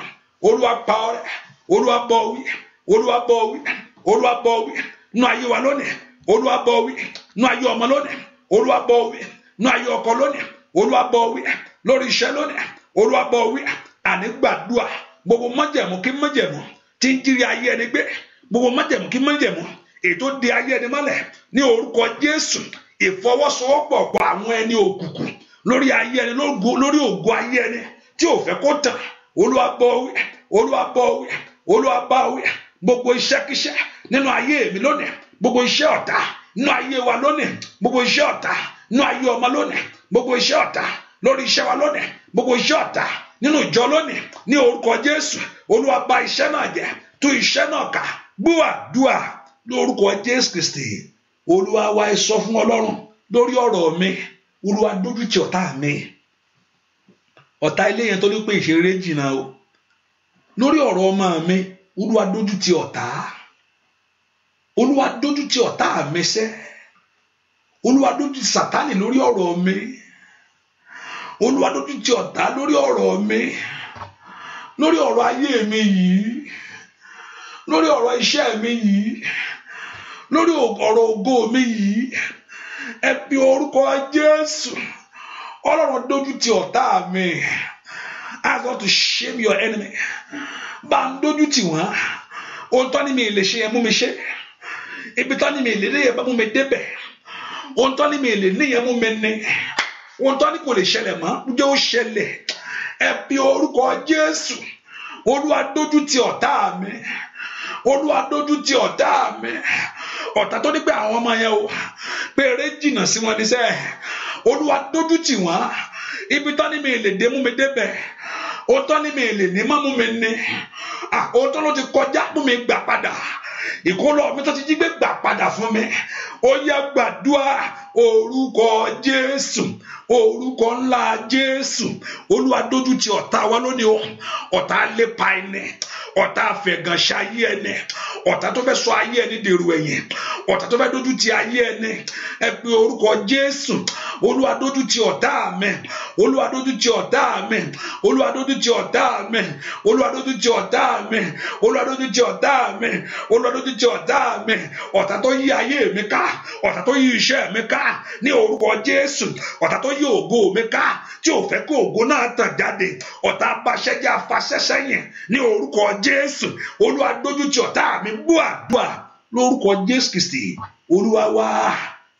olúwa pa ọ̀rẹ́ olúwa bọ̀ wí olúwa bọ̀ wí olúwa bọ̀ wí nú ayé wa lónìí olúwa bọ̀ wí nú ayé ọmọ lónìí olúwa bọ̀ wí nú ayé ọkọ lónìí olúwa bọ̀ wí lórí iṣẹ́ lónìí olúwa bọ̀ wí àní gbàdúà gbogbo májẹ̀mú kí májẹ̀mú tí ń jírí ayé ẹni gbé gbogbo májẹ̀mú kí májẹ̀mú ètò di ayé ẹni mọ́lẹ̀ ní orúkọ Jésù ìfọwọ́sowọ́pọ̀ pọ̀ àwọn ẹni òkùnkùn lórí ayé ẹni lórí ògo ayé ẹni tí ò fẹ́ kó tàn olúwa bọ́ wí olúwa bọ́ wí olúwa bá wí gbogbo iṣẹ́kíṣẹ́ nínú ayé mi lónìí gbogbo iṣẹ́ ọ̀tá nínú ayé wa lónìí gbogbo iṣẹ́ ọ̀tá nínú ayé ọmọ lónìí gbogbo iṣẹ́ ọ̀tá lórí iṣẹ́ wa lónìí gbogbo iṣẹ́ ọ̀tá nínú ìjọ lónìí ní orúkọ Jésù olúwa iṣẹ́ náà jẹ́ tú iṣẹ́ náà ká gbúwàdúà lórúkọ Jésù Kristi olúwa wa ẹ sọ fún Ọlọ́run lórí ọ̀rọ̀ mi olúwa dójú tì ọ̀tá mi ọ̀tá ilé yẹn tó ní pé ìṣeré jìnnà o lórí ọ̀rọ̀ ọmọ mi olúwa dójú tì ọ̀tá olúwa dójú tì ọ̀tá mi sẹ́ olúwa dójú tì lórí ọ̀rọ̀ mi olúwa dójú tì ọ̀tá lórí ọ̀rọ̀ mi lórí ọ̀rọ̀ ayé mi yìí lórí ọ̀rọ̀ iṣẹ́ mi yìí lórí ọ̀rọ̀ ògo mi yìí ẹ pe orúkọ Jésù ọlọ́run dójú ti ọ̀tá mi I God to shame your enemy bá ń dójú tì wọ́n ohun tó ní mi lè ṣe yẹn mú mi ṣe ibi tó ní mi lè lè yẹn bá mú mi débẹ̀ ohun tó ní mi lè lè yẹn mú mi ní ohun tó ní kò lè ṣẹlẹ̀ mọ́ jẹ́ ó ṣẹlẹ̀ ẹ pe orúkọ Jésù olúwa dójú tì ọ̀tá mi olúwa dójú tì ọ̀tá mi ọ̀tá tó ní pé àwọn ọmọ yẹn o pé eré jìnnà sí wọn níṣẹ́ olúwa dójú tì wọ́n ibi tán ní mi lè dé mú mi débẹ̀ òótọ́ ní mi lè ní mọ́ mú mi ní òótọ́ ló ti kọjá mú mi gbà padà ìkólọ mi tó ti jí gbé gbà padà fún mi ó yá gbàdúrà orúkọ Jésù orúkọ ńlá Jésù Olúwa ti ọ̀tá wa lónìí o ọ̀tá lépa ẹni ọ̀tá àfẹ̀gànṣe ayé ẹni ọ̀tá tó fẹ́ sọ ayé ẹni dèrò ẹ̀yìn ọ̀tá tó fẹ́ dójú ti ayé ẹni ẹ orúkọ Jésù Olúwa dójú ti ọ̀tá mi Olúwa dójú ti ọ̀tá mi Olúwa dójú ti ọ̀tá mi Olúwa dójú ti ọ̀tá mi Olúwa dójú ti ọ̀tá mi Olúwa ló ti jẹ ọ̀tá mi ọ̀tá tó yí ayé mi ká ọ̀tá tó yí iṣẹ́ mi ká ní orúkọ Jésù ọ̀tá tó yí ògo mi ká tí ò fẹ́ kó ògo náà tàn jáde ọ̀tá abáṣẹ́jẹ́ afasẹ́sẹ́yìn ní orúkọ Jésù Olúwa dójú tì ọ̀tá mi bú àdúrà lórúkọ Jésù Kristi Olúwa wá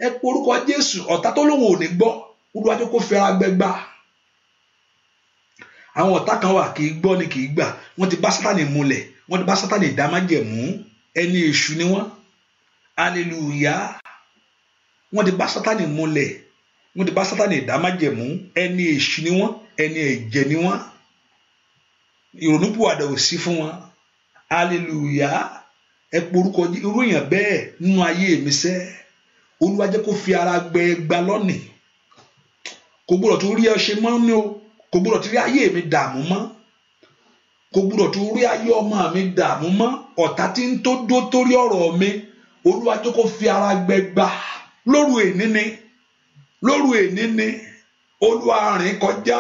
ẹ pé orúkọ Jésù ọ̀tá tó lóun ò ní gbọ́ Olúwa tó kó fẹ́ra gbẹgbà àwọn ọ̀tá kan wà kì í gbọ́ ni kì í gbà wọ́n ti bá Sátánì múlẹ̀ wọ́n ti bá Sátánì dá májẹ̀mú ẹni èṣù ni wọ́n aleluya wọ́n ti bá sátani múlẹ̀ wọ́n ti bá sátani ìdámájẹ̀mú ẹni èṣù ni wọ́n ẹni ẹ̀jẹ̀ ni wọ́n ìrònúpìwàdà ò sí fún wọn aleluya ẹ porúkọ irú èèyàn bẹ́ẹ̀ nínú ayé mi sẹ́ olúwa jẹ́ kó fi ara gbẹ gba lónìí kò gbọ́dọ̀ tó rí ẹ ṣe mọ́ ní o kò gbọ́dọ̀ tó rí ayé mi dààmú mọ́ kò gbúdọ̀ tún rí ayé ọmọ mi dààmú mọ́ ọ̀tá tí ń tó dó torí ọ̀rọ̀ mi olúwa jẹ́ kó fi ara gbẹgbà lóru èní ni lóru èní ni olúwa rìn kọjá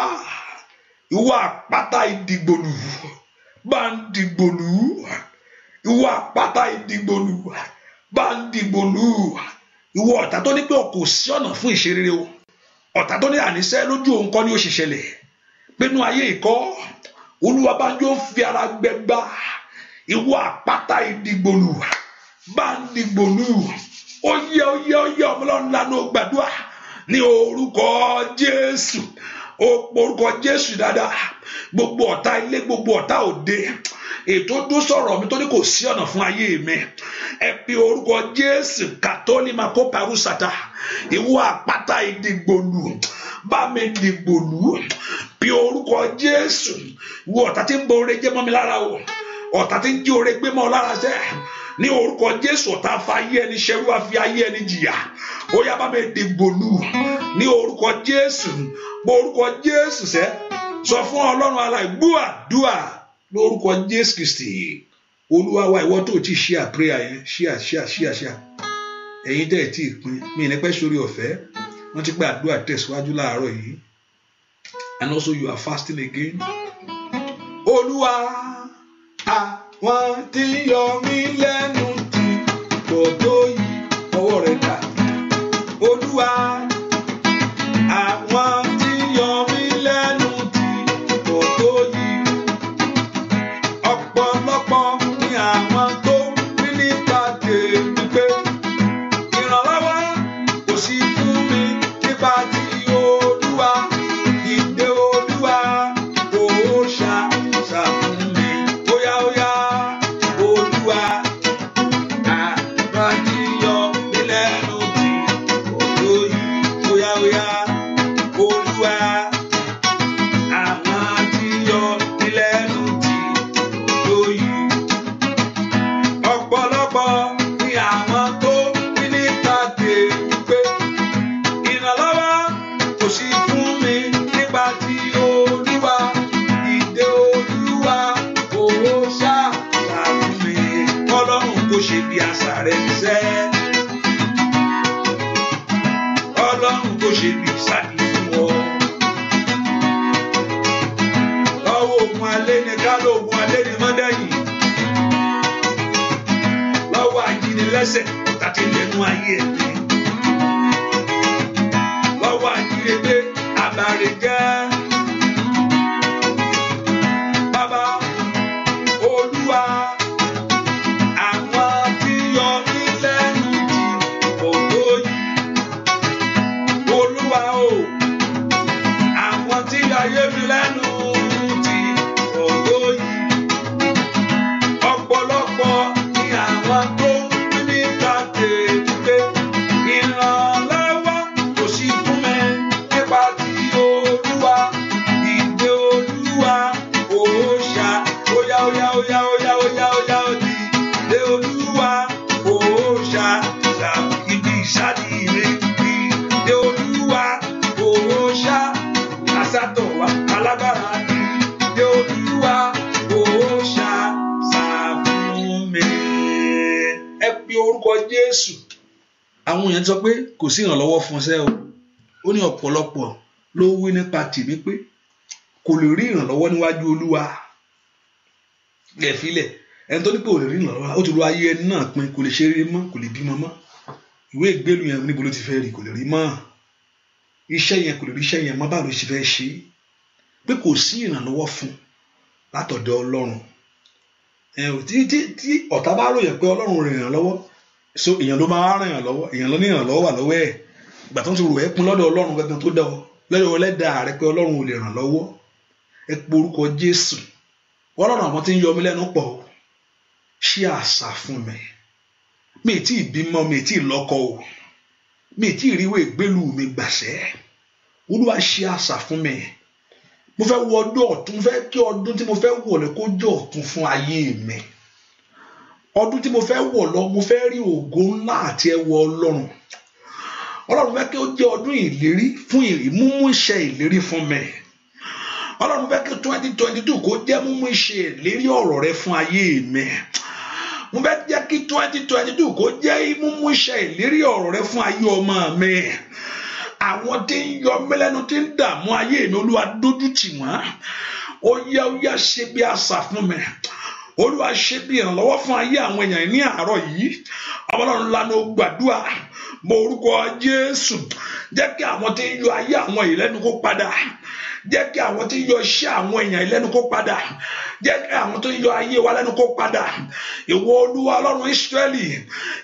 ìwọ àpáta ìdìgbòlù bá ń dìgbòlù ìwọ àpáta ìdìgbòlù bá ń dìgbòlù ìwọ ọ̀tá tó ní pé kò sí ọ̀nà fún ìṣerere o ọ̀tá tó ní àníṣẹ́ lójú òun kọ́ ni ó ṣiṣẹlẹ̀ pinnu ayé ìkọ́ olúwa bá ń yóò fi ara gbẹgbà ìwọ àpáta ìdìgbòlù bá ń dìgbòlù ó yẹ ó yẹ ó yẹ ọmọlọ́run lánàá gbàdúrà ní orúkọ jésù orúkọ jésù dáadáa gbogbo ọ̀tá ilé gbogbo ọ̀tá òde ètò tó sọ̀rọ̀ mi tó ní kò sí ọ̀nà fún ayé mi ẹ pe orúkọ jésù kàtólì máa kó parusata ìwọ àpáta ìdìgbòlù bá mi dìgbò lù bí orúkọ Jésù wo ọ̀tá tí ń bọ oore jẹ́ mọ́ mi lára o ọ̀tá tí ń jí oore gbé mọ́ ọ lára jẹ́ ní orúkọ Jésù ọ̀tá fa ayé ẹni ṣerú àfi ayé ẹni jìyà ó yá bá mi dìgbò lù ní orúkọ Jésù bó orúkọ Jésù sẹ́ sọ fún Ọlọ́run aláìgbúà dùà lórúkọ Jésù Kristi olúwa ìwọ tó ti ṣe àpéyà yẹn ṣíà ṣíà ṣíà ṣíà ẹ̀yin tẹ́ ẹ̀ tí pin mí ní sórí ọ̀fẹ́ rántí pé àdúrà tẹ̀síwájú láàárọ̀ yìí and also you are fasting again. olúwa àwọn tí yọ mí lẹ́nu ti gbọ́dọ̀ yìí ọwọ́ rẹ̀ dà olúwa. 万一。àwọn èèyàn sọ pé kò sí ìrànlọ́wọ́ fún ṣẹ́ o ó ní ọ̀pọ̀lọpọ̀ ló wí nípa tèmi pé kò lè rí ìrànlọ́wọ́ níwájú olúwa ẹ̀fílẹ̀ ẹni tó ní pé ò lè rí ìrànlọ́wọ́ ó ti ro ayé ẹni náà pin kò lè ṣe eré mọ́ kò lè bímọ mọ́ ìwé ìgbélu yẹn níbo ló ti fẹ́ rí kò lè rí mọ́ iṣẹ́ yẹn kò lè rí iṣẹ́ yẹn mọ́ báwo ló ti fẹ́ ṣe pé kò sí ìrànlọ́wọ́ fún látọ̀dọ̀ ọlọ́run tí ọ̀tá bá ròyìn pé ọlọ́run rẹ̀ ràn so èèyàn ló máa ràn yàn lọ́wọ́ èèyàn ló ní ràn lọ́wọ́ wà lọ́wọ́ ẹ̀ ìgbà tó ń sọ̀rọ̀ ẹ̀ pin lọ́dọ̀ ọlọ́run gangan tó dá ọ lọ́dọ̀ ọlẹ́dàá rẹ pé ọlọ́run ò lè ràn lọ́wọ́ ẹ pe orúkọ jésù wọ́n lọ́rùn àwọn tí ń yọ mí lẹ́nu pọ̀ ṣí àṣà fún mi mi ì tí ì bímọ mi ì tí ì lọ́kọ o mi ì tí ì ríwèé gbélú mi gbàṣẹ́ olúwa ṣí àṣà fún mi mo fẹ́ wọ ọdún ọ̀tun mo fẹ́ kí ọdún tí mo fẹ́ wọlé kó jẹ́ ọ̀tun fún ayé mi ọdún tí mo fẹ́ wọ̀ lọ mo fẹ́ rí ògo ńlá àti ẹwọ ọlọ́run ọlọ́run fẹ́ kí ó jẹ́ ọdún ìlérí fún mímú iṣẹ́ ìlérí fún mi ọlọ́run fẹ́ kí twenty twenty two kó jẹ́ mímú iṣẹ́ ìlérí ọ̀rọ̀ rẹ fún ayé mi mo fẹ́ jẹ́ kí twenty twenty two kó jẹ́ mímú iṣẹ́ ìlérí ọ̀rọ̀ rẹ fún ayé ọmọ mi àwọn tí ń yọ mí lẹ́nu tí ń dààmú ayé mi olúwa dójú tì wọ́n ó yá ó yá ṣe bí àṣà fún mi olúwa ṣe bí ìrànlọ́wọ́ fún ayé àwọn èèyàn ní àárọ̀ yìí ọlọ́run lanu gbàdúrà mọ orúkọ jésù jẹ́ kí àwọn tí ń yọ ayé àwọn ìlẹ́nu kó padà jẹ́ kí àwọn tí ń yọ iṣẹ́ àwọn èèyàn ìlẹ́nu kó padà jẹ́ kí àwọn tó ń yọ ayé wa lẹ́nu kó padà ìwọ olúwa ọlọ́run ìsírẹ́lì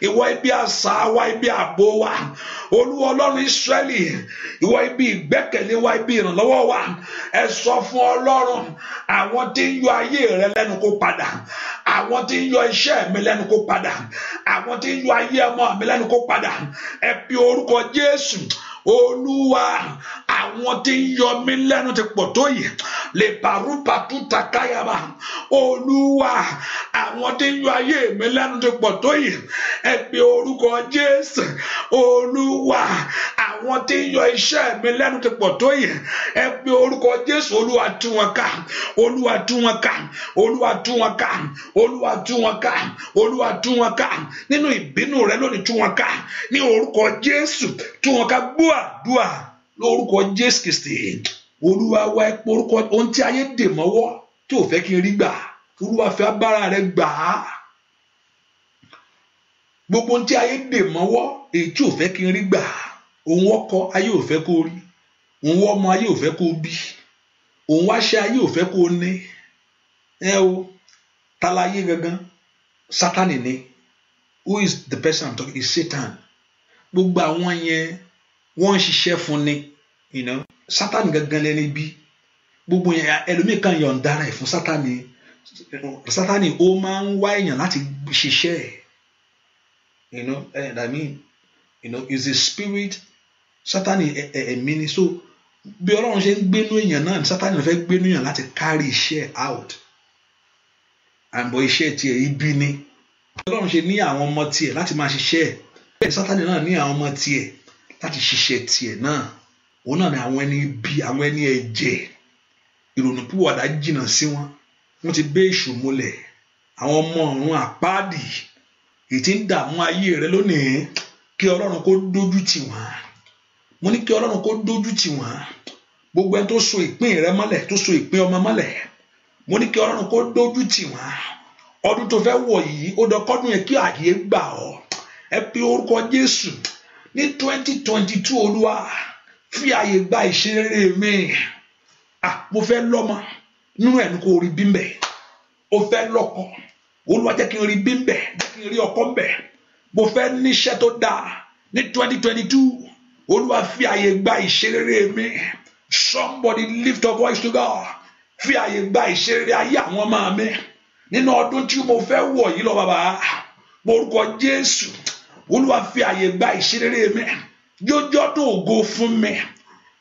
ìwọ ibi àṣà wa ibi ààbò wa olúwa ọlọ́run ìsírẹ́lì ìwọ ibi ìgbẹ́kẹ̀lé wa ibi ìrànlọ́wọ́ wa ẹ sọ fún ọlọ́run àwọn tí ń yọ ayé rẹ lẹ́nu kó padà àwọn tí ń yọ iṣẹ́ mi lẹ́nu kó padà àwọn tí ń yọ ayé ọmọ mi lẹ́nu kó padà ẹ pe orúkọ jésù olúwa àwọn tí ń yọ mí lẹ́nu ti pọ̀ tó yìí lè bàrúbà tún ta káyàmà olúwa àwọn tí ń yọ ayé mi lẹ́nu ti pọ̀ tó yìí ẹ pe orúkọ jésù olúwa àwọn tí ń yọ iṣẹ́ mi lẹ́nu ti pọ̀ tó yìí ẹ pe orúkọ jésù olúwa tú wọn ká olúwa tú wọn ká olúwa tú wọn ká olúwa tú wọn ká olúwa tú wọn ká nínú ìbínú rẹ lónìí tú wọn ká ní orúkọ jésù tú wọn ká gbọ́ àdúà lórúkọ Jésù Kristi olúwa wá epo orúkọ ohun tí ayé dè mọ́wọ́ tí ò fẹ́ kí n rí gbà olúwa fẹ́ agbára rẹ gbà á gbogbo ohun tí ayé dè mọ́wọ́ èyí tí ò fẹ́ kí n rí gbà á òun ọkọ ayé ò fẹ́ kó rí òun ọmọ ayé ò fẹ́ kó bí òun wáṣẹ ayé ò fẹ́ kó ní ẹ o talayé gangan Sátánì ni who is the person i'm talking is Satan gbogbo àwọn yẹn wọ́n ń ṣiṣẹ́ ni you know sátani gangan lẹni bí gbogbo yẹn ẹlòmíì kan yọ̀ǹda rẹ̀ fún sátani sátani ó máa ń wá èèyàn láti ṣiṣẹ́ ẹ̀ you know and I mean you know is a spirit sátani ẹ̀mí ni so bí ọlọ́run ṣe ń gbénú èèyàn náà Satani fẹ́ gbénú èèyàn láti carry iṣẹ́ out àbọ̀ iṣẹ́ tiẹ̀ ibi ni ọlọ́run ṣe ní àwọn ọmọ tiẹ̀ láti máa ṣiṣẹ́ ẹ̀ bẹ́ẹ̀ sátani náà ní àwọn ọmọ tiẹ̀ láti ṣiṣẹ́ tiẹ̀ náà òun náà ni àwọn ẹni bí àwọn ẹni ẹ̀jẹ̀ ìrònúpìwàdà jìnnà sí wọn wọn ti bẹ́ èṣù mọ́lẹ̀ àwọn ọmọ ọ̀run àpáàdì ètí ń dààmú ayé rẹ lónìí kí ọlọ́run kó dójú tì wọ́n mo ní kí ọlọ́run kó dójú tì wọ́n gbogbo ẹni tó so ìpín rẹ mọ́lẹ̀ tó so ìpín ọmọ mọ́lẹ̀ mo ní kí ọlọ́run kó dójú tì wọ́n ọdún tó fẹ́ wọ̀ yìí ó dọkọ́dún yẹn kí àyè gbà ọ́ ẹ pe orúkọ jésù ní twenty twenty two olúwa fi àyè gba ìṣeré mi ah mo fẹ́ lọ́mọ nínú ẹ̀ ní kò rí bí mbẹ̀ o fẹ́ lọ́kọ olúwa jẹ́ kí n rí bí mbẹ̀ jẹ́ kí n rí ọkọ mbẹ̀ mo fẹ́ níṣẹ́ tó dáa ní twenty twenty two olúwa fi àyè gba ìṣeré mi somebody lift your voice to God fi àyè gba ìṣeré ayé àwọn ọmọ mi nínú ọdún tí mo fẹ́ wọ̀ yìí lọ bàbá orúkọ Jésù olúwa fi àyè gba ìṣerere mi jójú ọdún ògo fún mi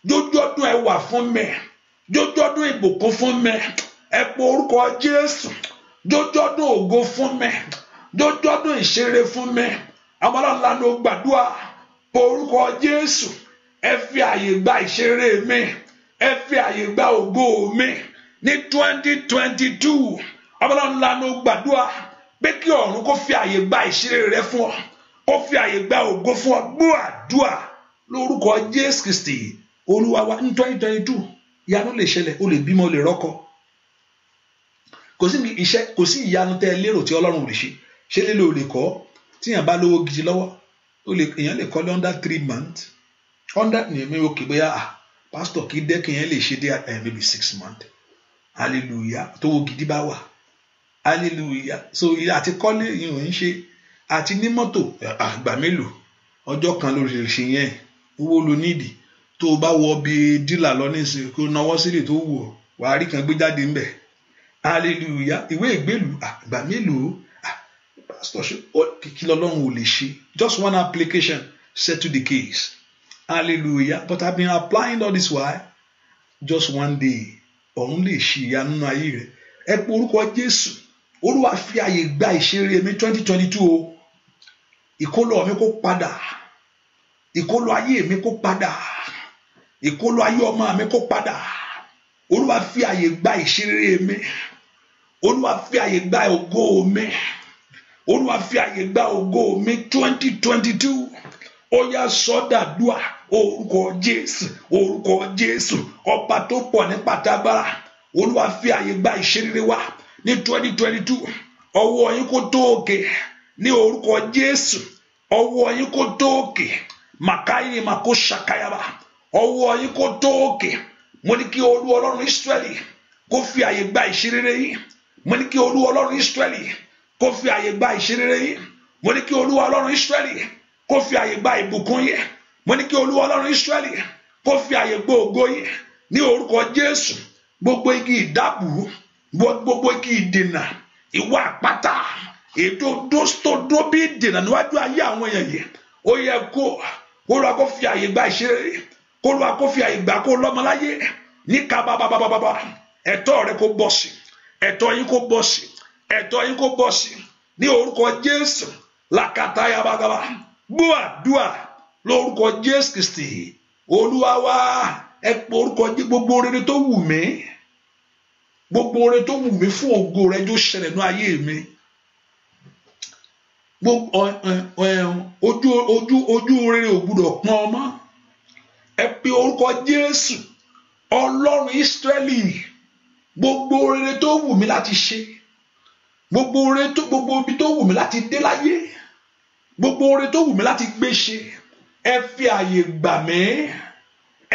jójú ọdún ẹwà fún mi jójú ọdún ìbùkún fún mi ẹ pọ orúkọ jésù jójú ọdún ògo fún mi jójú ọdún ìṣerere fún mi àwọn ọlọ́run lanu gbàdúrà pọ orúkọ jésù ẹ fi àyè gba ìṣerere mi ẹ fi àyè gba ògo mi ní twenty twenty two ọmọlọ́run lanu gbàdúrà pé kí ọ̀run kó fi àyè gba ìṣeré rẹ fún ọ kó fi àyè gba ògo fún ọ gbọ́ àdúà lórúkọ Jésù Kristi olúwa wa ní twenty twenty two ìyanu lè ṣẹlẹ̀ o lè bímọ o lè rọ́kọ kò sí iṣẹ́ kò sí ìyanu tẹ́ ẹ lérò tí Ọlọ́run ò lè ṣe ṣé lílo ò lè kọ́ tíyàn bá lówó gidi lọ́wọ́ ó lè èèyàn lè under three months under ní ẹ̀mí òkè bóyá ah pastor kì í dẹ́ kí èèyàn lè ṣe dé ẹ̀ eh, maybe six months hallelujah tówó gidi bá wà hallelujah so àti kọ́lé yìí ò ń ṣe àti ní mọ́tò àgbà mélòó ọjọ́ kan ló yẹn owó ló nídìí tó o bá wọ bí dílà lọ nísìnyí kó nawọ́ sílẹ̀ tó wù ọ́ wàá rí kan gbé jáde ńbẹ̀ hallelujah ìwé ìgbélú àgbà mélòó pastor kí lọ́lọ́run ò lè ṣe just one application settle the case hallelujah but i been applying all this while just one day ọ̀run lè ṣe ìyanu nínú ayé rẹ̀ ẹ pé orúkọ jésù olúwa fi àyè gba ìṣeré mi twenty twenty two o ìkólọ mi kó padà ìkólọ ayé mi kó padà ìkólọ ayé ọmọ mi kó padà olúwa fi àyè gba ìṣeré mi olúwa fi àyè gba ògo mi olúwa fi àyè gba ògo mi twenty twenty two ó yá sọdàdúà orúkọ jésù orúkọ jésù ọba tó pọ̀ ní pàtàgbára olúwa fi àyè gba ìṣeré wa ní twenty twenty two ọwọ́ yín kó tó òkè. Okay ní orúkọ Jésù ọwọ́ yín kó dóòkè màkáyé màkó ṣàkáyàbà ọwọ́ yín kó dóòkè mo ní kí olú ọlọ́run Ísírẹ́lì kó fi àyè gba ìṣerere yìí mo ní kí olú ọlọ́run Ísírẹ́lì kó fi àyè gba ìṣerere yìí mo ní kí olú ọlọ́run Ísírẹ́lì fi àyè gba ìbùkún mo ní kí olú ọlọ́run fi àyè gba ògo ní orúkọ gbogbo igi ìdábùú gbogbo igi ìdènà ìwà àpáta ètò tó bí dènà níwájú ayé àwọn èèyàn yìí ó yẹ kó kó lọ kó fi àyè gba ìṣeré kó lọ kó fi àyè gbà kó lọ́mọláyé níka bàbàbàbàbà ẹ̀tọ́ rẹ kó bọ̀ sí ẹ̀tọ́ yín kó bọ̀ sí ẹ̀tọ́ yín kó bọ̀ sí ní orúkọ Jésù làkàtà yabagaba gbọ́ àdúà lórúkọ Jésù Kristi Olúwa wa ẹ pọ gbogbo rere tó wù mí gbogbo rere tó wù mí fún ògo rẹ jó ṣẹlẹ̀ ní ayé mi. Eh, eh, eh, ojú ojú ojú rere ò gbúdọ̀ pọ́n ọmọ ẹ pe orúkọ Jésù Ọlọ́run Ísírẹ́lì gbogbo rere tó wù mí láti ṣe gbogbo rere tó gbogbo ibi tó wù mí láti dé láyé gbogbo rere tó wù mí láti gbé ṣe ẹ fi àyè gbà mí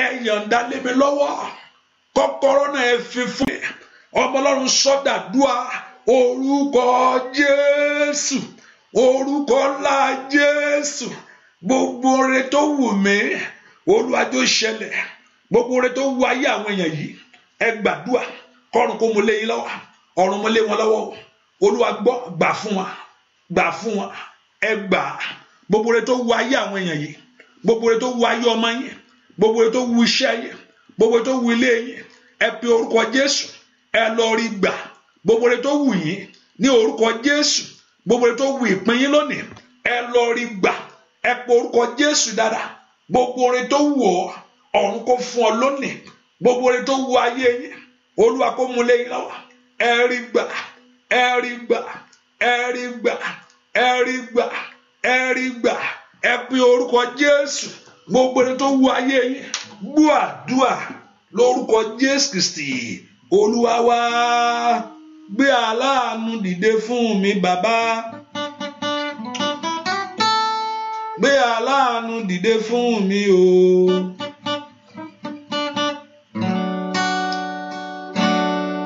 ẹ yọ̀ǹda lé mi lọ́wọ́ kọ́kọ́rọ́ náà ẹ fi fún mi ọmọ Ọlọ́run sọ́dà dúà orúkọ Jésù orúkọ ńlá jésù gbogbo oore tó wù mí olùwàjò ṣẹlẹ̀ gbogbo oore tó wù ayé àwọn èèyàn yìí ẹ gbàdúà kọrùn kó mo lé yín lọ́wọ́ ọ̀run mo lé wọn lọ́wọ́ olúwa gbọ́ gbà fún wa gbà fún wa ẹ gbà gbogbo oore tó wù ayé àwọn èèyàn yìí gbogbo oore tó wù ayé ọmọ yín gbogbo oore tó wù iṣẹ́ yín gbogbo oore tó wù ilé yín ẹ pe orúkọ jésù ẹ lọ rí gbà gbogbo oore tó wù yín ní orúkọ jésù gbogbo ètò wù ìpín yín lónìí ẹ lọ rí gbà ẹ pọ orúkọ Jésù dáadáa gbogbo orin tó wù ọ ọ̀run kò fún ọ lónìí gbogbo orin tó wù ayé yín Olúwa kò mú lẹ́yìn lọ́wọ́ ẹ rí gbà ẹ rí gbà ẹ rí gbà ẹ rí gbà ẹ rí gbà ẹ pe orúkọ Jésù gbogbo orin tó wù ayé yín gbọ́ àdúà lórúkọ Jésù Kristi Olúwa wá gbé aláàánú dìde fún mi bàbá gbé aláàánú dìde fún mi o.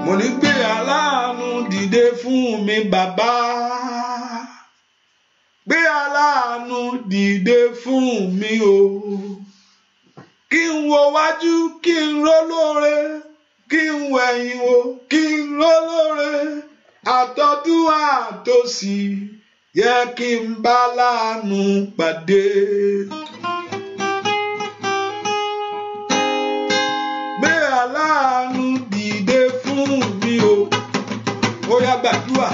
mo ní gbé aláàánú dìde fún mi bàbá gbé aláàánú dìde fún mi o kí n wo wájú kí n rólóore. kí n wẹ̀yìn wò kí n lólóore tó sì yẹ kí n bá láàánú pàdé. gbé aláàánú dìde fún mi o ó yá gbàdúrà.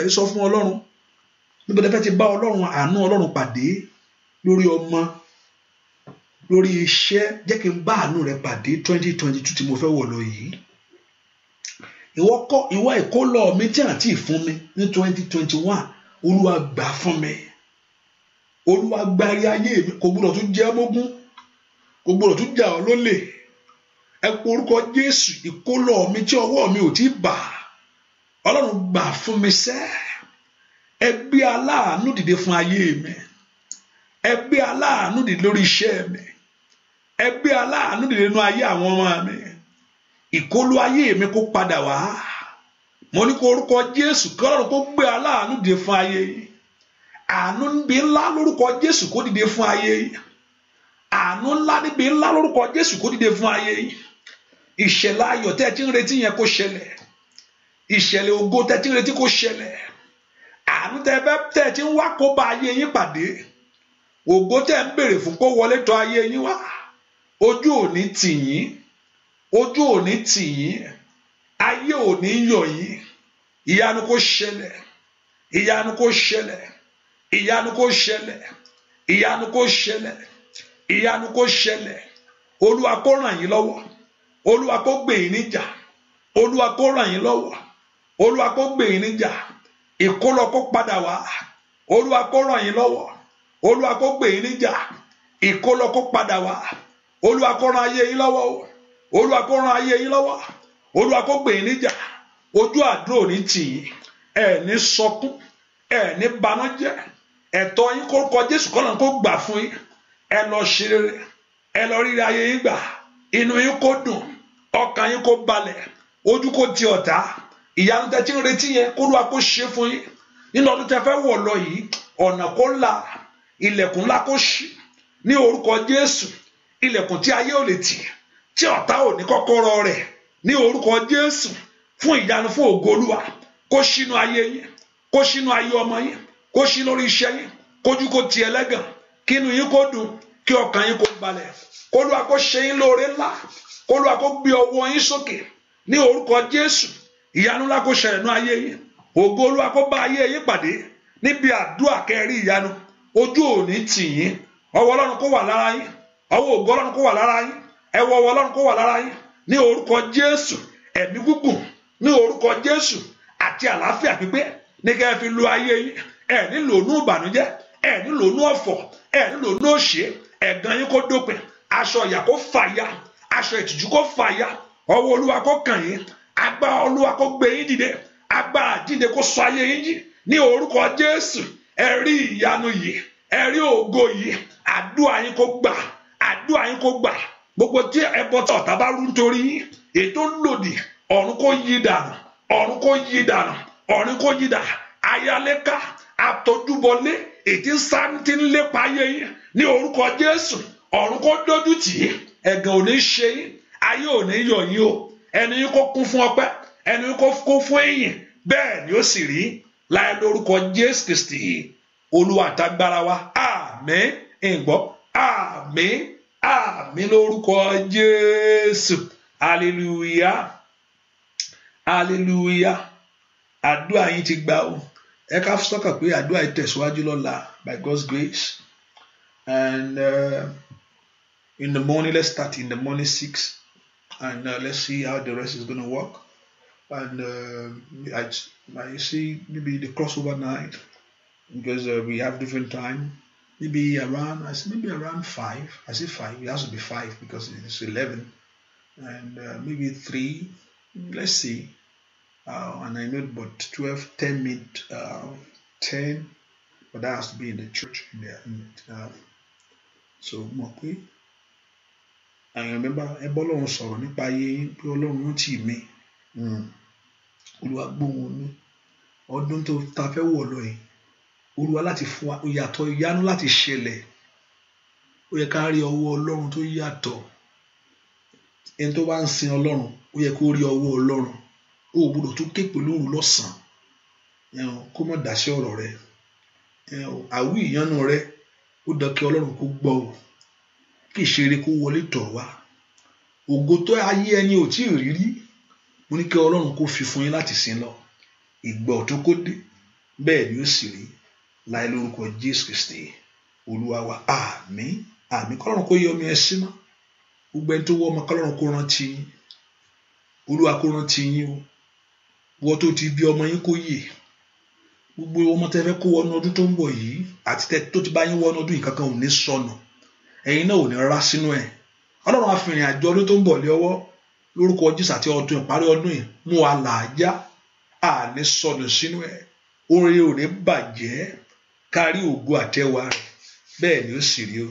bẹ́ẹ̀ sọ fún ọlọ́run níbo lẹ́fẹ́ ti bá ọlọ́run àánú ọlọ́run pàdé lórí ọmọ lórí iṣẹ́ jẹ́ kí n bá àánú rẹ pàdé twenty twenty two tí mo fẹ́ wọ̀ lọ yìí ìwọ kọ́ ìwọ ìkólọ mi tí àǹtí fún mi ní twenty twenty one olúwa gbà fún mi olúwa gbárí ayé mi kò gbọdọ̀ tún jẹ́ mógún kò gbọdọ̀ tún jà ọ́ lólè ẹ pe orúkọ jésù ìkólọ mi tí ọwọ́ mi ò tí bà á ọlọ́run gbà fún mi sẹ́ ẹ gbé aláàánú dìde fún ayé mi ẹ gbé aláàánú dìde lórí iṣẹ́ mi ẹ gbé aláàánú dìde nínú ayé àwọn ọmọ mi ìkólú ayé mi kó padà wá mo ní kó orúkọ jésù kí ọlọ́run kó gbé aláàánú dìde fún ayé yìí àánú níbi ńlá lórúkọ jésù kó dìde fún ayé àánú ńlá níbi ńlá lórúkọ jésù kó dìde fún ayé ìṣẹ̀lẹ̀ ayọ̀ tẹ́ ẹ ti ń retí yẹn kó ṣẹlẹ̀ ìṣẹ̀lẹ̀ ògo tẹ́tí retí kó ṣẹlẹ̀ àánú tẹ́ bẹ́ tẹ́ ti ń wá kó bá ayé yín pàdé ògo tẹ́ ń béèrè fún kó wọlé tọ̀ ayé yín wá ojú ò ní tì yín ojú ò ní tì yín ayé ò ní yọ̀ yín ìyanu kó ṣẹlẹ̀ ìyanu kó ṣẹlẹ̀ ìyanu kó ṣẹlẹ̀ ìyanu kó ṣẹlẹ̀ ìyanu kó ṣẹlẹ̀ olúwa kó ràn yín lọ́wọ́ olúwa kó gbè yín níjà olúwa kó ràn yín lọ́wọ́ olúwa kó gbè yín níjà ìkólọ kó padà wá olúwa kó ràn yín lọ́wọ́ olúwa kó gbè yín níjà ìkólọ kó padà wá olúwa kó ran ayé yín lọ́wọ́ olúwa kó ran ayé yín lọ́wọ́ olúwa kó gbè yín níjà ojú àdúrà ní tì yín ẹ ní sọkún ẹ ní banújẹ́ ẹ̀tọ́ yín kó kọ Jésù kọlọ kó gbà fún yín ẹ lọ ṣe rere ẹ lọ ríra ayé yín gbà inú yín kó dùn ọkàn yín kó balẹ̀ ojú kó ti ọ̀tá ìyanu tẹ tí ń retí yẹn kó lóa kó ṣe fún yín nínú ọdún tẹ fẹ́ wọ̀ lọ yìí ọ̀nà kó là ilẹ̀kùn ńlá kó ṣí ní orúkọ Jésù ilẹ̀kùn tí ayé ò lè tì tí ọ̀tá ò ní kọ́kọ́rọ́ rẹ̀ ní orúkọ Jésù fún ìyanu fún ògo Olúwa kó sínú ayé yín kó sínú ayé ọmọ yín kó sí lórí iṣẹ́ yín kójú kó ti ẹlẹ́gàn kínú yín kó dùn kí ọkàn yín kó balẹ̀ kó Olúwa kó ṣe yín lóore ńlá kó Olúwa kó gbé ọwọ́ yín sókè ní orúkọ Jésù ìyanu ńlá kó ṣẹlẹ̀ nú ayé yín ògo olúwa kó bá ayé yín pàdé níbi àdúrà kẹrí ìyanu ojú òní tì yín ọwọ́ ọlọ́run kó wà lára yín ọwọ́ ògo ọlọ́run kó wà lára yín ẹwọ́ ọwọ́ ọlọ́run kó wà lára yín ní orúkọ jésù ẹ̀mí gígùn ní orúkọ jésù àti àlàáfíà pípé ní kẹ́ ẹ fi lu ayé yín ẹ nílò inú ìbànújẹ́ ẹ nílò inú ọ̀fọ̀ ẹ nílò inú òṣè ẹ̀gàn yín kó dópin aṣọ ìyà kó fàya aṣọ ìtìjú kó fàya ọwọ́ olúwa kó kàn yín agbára olúwa kó gbé yín dìde agbára jíǹde kó sọ ayé yín jí ní orúkọ jésù ẹ rí ìyanu yìí ẹ rí ògo yìí àdúrà yín kó gbà àdúrà yín kó gbà gbogbo tí ẹbọ tí ọ̀tá bá rú nítorí yín ètò lòdì ọ̀run kó yí dànù ọ̀run kó yí dànù ọ̀run kó yí dànù ayáléká àtọjúbọlé ètí sáńtì ń lépa ayé yín ní orúkọ jésù ọ̀run kó dójú tì í ẹ̀gàn ò ní ṣe yín ayé ò ní yọ̀ yín o ẹnu yín kó kún fún ọpẹ́ ẹnu yín kó kún fún èyìn bẹ́ẹ̀ ni ó sì rí láì lórúkọ Jésù Kristi olúwa àtàgbára wa àmín ìgbọ́ àmín àmín lórúkọ Jésù hallelujah hallelujah àdúrà yín ti gbà o ẹ ká sọ́kà pé àdúrà yìí tẹ̀síwájú lọ́la by God's grace and uh, in the morning let's start in the morning six. and uh, let's see how the rest is going to work. And uh, I, I see maybe the crossover night because uh, we have different time. Maybe around I see maybe around five. I see five. It has to be five because it's eleven, and uh, maybe three. Let's see. Uh, and I know, about 12, 10 minute, uh, 10, but that has to be in the church in there. In, so, Mokwe. I remember ẹ bọ́lọ́run sọ̀rọ̀ nípa ayé yín pé ọlọ́run ń tì mí olúwa gbóhùn mi ọdún tó ta fẹ́ wọ̀ lọ yìí olúwa láti fún wa ìyàtọ̀ ìyanu láti ṣẹlẹ̀ ó yẹ ká rí ọwọ́ ọlọ́run tó yàtọ̀ ẹni tó bá ń sin ọlọ́run ó yẹ kó rí ọwọ́ ọlọ́run ó gbọdọ̀ tún ké pẹ̀lú òun lọ́sàn-án kó má dàṣẹ́ ọ̀rọ̀ rẹ àwí ìyanu rẹ ó dọ̀kẹ́ ọlọ́run kó gbọ́ o kì í ṣeré kó wọlé tọ̀ wá ògo tó ayé ẹni ò tí ì rí rí mo ní kí ọlọ́run kó fi fún yín láti sin lọ ìgbà ọ̀tún kó dé bẹ́ẹ̀ ni ó sì rí láì lórúkọ Jésù Kristi olúwa wa àmín àmín kọ́lọ́run kó yẹ ọmọ ẹ sí mọ́ gbogbo ẹni tó wọ́ ọmọ kọ́lọ́run kó rántí yín olúwa kó rántí yín o wọ́n tó ti bí ọmọ yín kó yè gbogbo ọmọ tẹ fẹ́ kó wọnú ọdún tó ń bọ̀ yìí àti tẹ tó ti bá yín wọnú ọdún yìí kankan ò ní sọnù. So ẹ̀yin náà ò ní rárá sínú ẹ̀ ọlọ́run àfihàn àjọ ọdún tó ń bọ̀ lé ọwọ́ lórúkọ jésù àti ọdún ìparí ọdún yìí mú wa làájá àní sọnù sínú ẹ̀ orin ò ní bàjẹ́ kárí ògo àtẹwà rẹ̀ bẹ́ẹ̀ ni ó sì rí o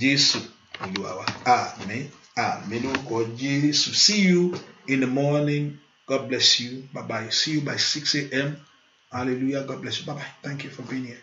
jésù olúwa wa àmín àmín lórúkọ jésù see you in the morning god bless you bye bye see you by six a.m. hallelujah god bless you bye bye thank you for being here.